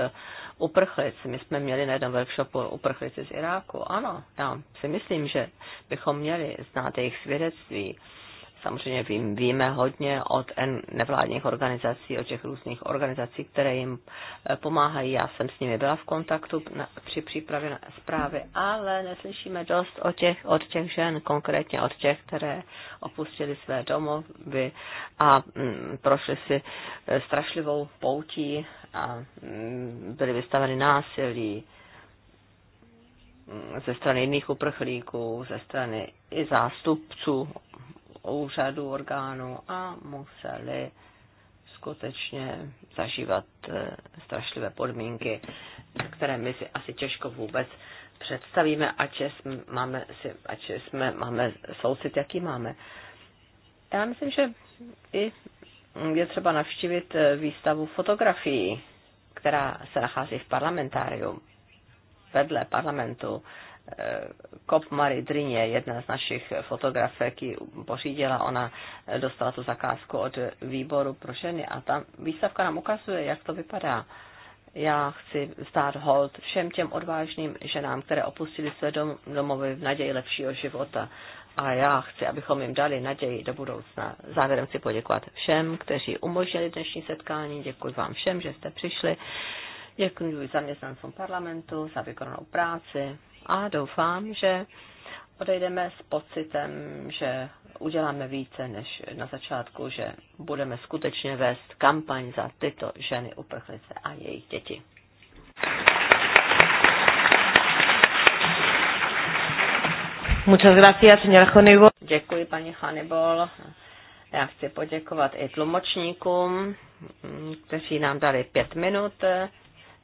uprchlíci. My jsme měli na jednom workshopu uprchlíci z Iráku. Ano, já si myslím, že bychom měli znát jejich svědectví. Samozřejmě vím, víme hodně od nevládních organizací, od těch různých organizací, které jim eh, pomáhají. Já jsem s nimi byla v kontaktu na, při přípravě na zprávy, ale neslyšíme dost o těch, od těch žen, konkrétně od těch, které opustili své domovy a mm, prošli si eh, strašlivou poutí a mm, byly vystaveny násilí ze strany jiných uprchlíků, ze strany i zástupců úřadů, orgánů a museli skutečně zažívat e, strašlivé podmínky, které my si asi těžko vůbec představíme, ať jsme, máme, si, ať jsme, máme soucit, jaký máme. Já myslím, že i je třeba navštívit eh, výstavu fotografií, která se nachází v parlamentáriu, vedle parlamentu. Eh, Kop Marie Drině, jedna z našich fotografek, ji pořídila, ona eh, dostala tu zakázku od výboru pro ženy a ta výstavka nám ukazuje, jak to vypadá. Já chci stát hold všem těm odvážným ženám, které opustili své domovy v naději lepšího života a já chci, abychom jim dali naději do budoucna. Závěrem chci poděkovat všem, kteří umožnili dnešní setkání. Děkuji vám všem, že jste přišli. Děkuji zaměstnancům parlamentu za vykonanou práci a doufám, že odejdeme s pocitem, že uděláme více než na začátku, že budeme skutečně vést kampaň za tyto ženy uprchlice a jejich děti. Muchas gracias, señora Honeyball. Děkuji, paní Honeyball. Já chci poděkovat i tlumočníkům, kteří nám dali pět minut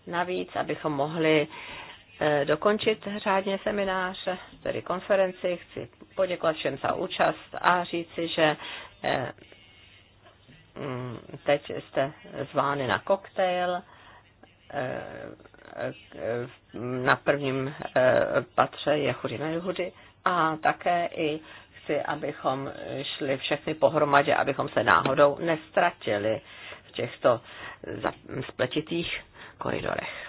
navíc, abychom mohli eh, dokončit řádně seminář, tedy konferenci. Chci poděkovat všem za účast a říci, že eh, mm, teď jste zvány na koktejl eh, na prvním patře je na Juhudy a také i chci, abychom šli všechny pohromadě, abychom se náhodou nestratili v těchto spletitých koridorech.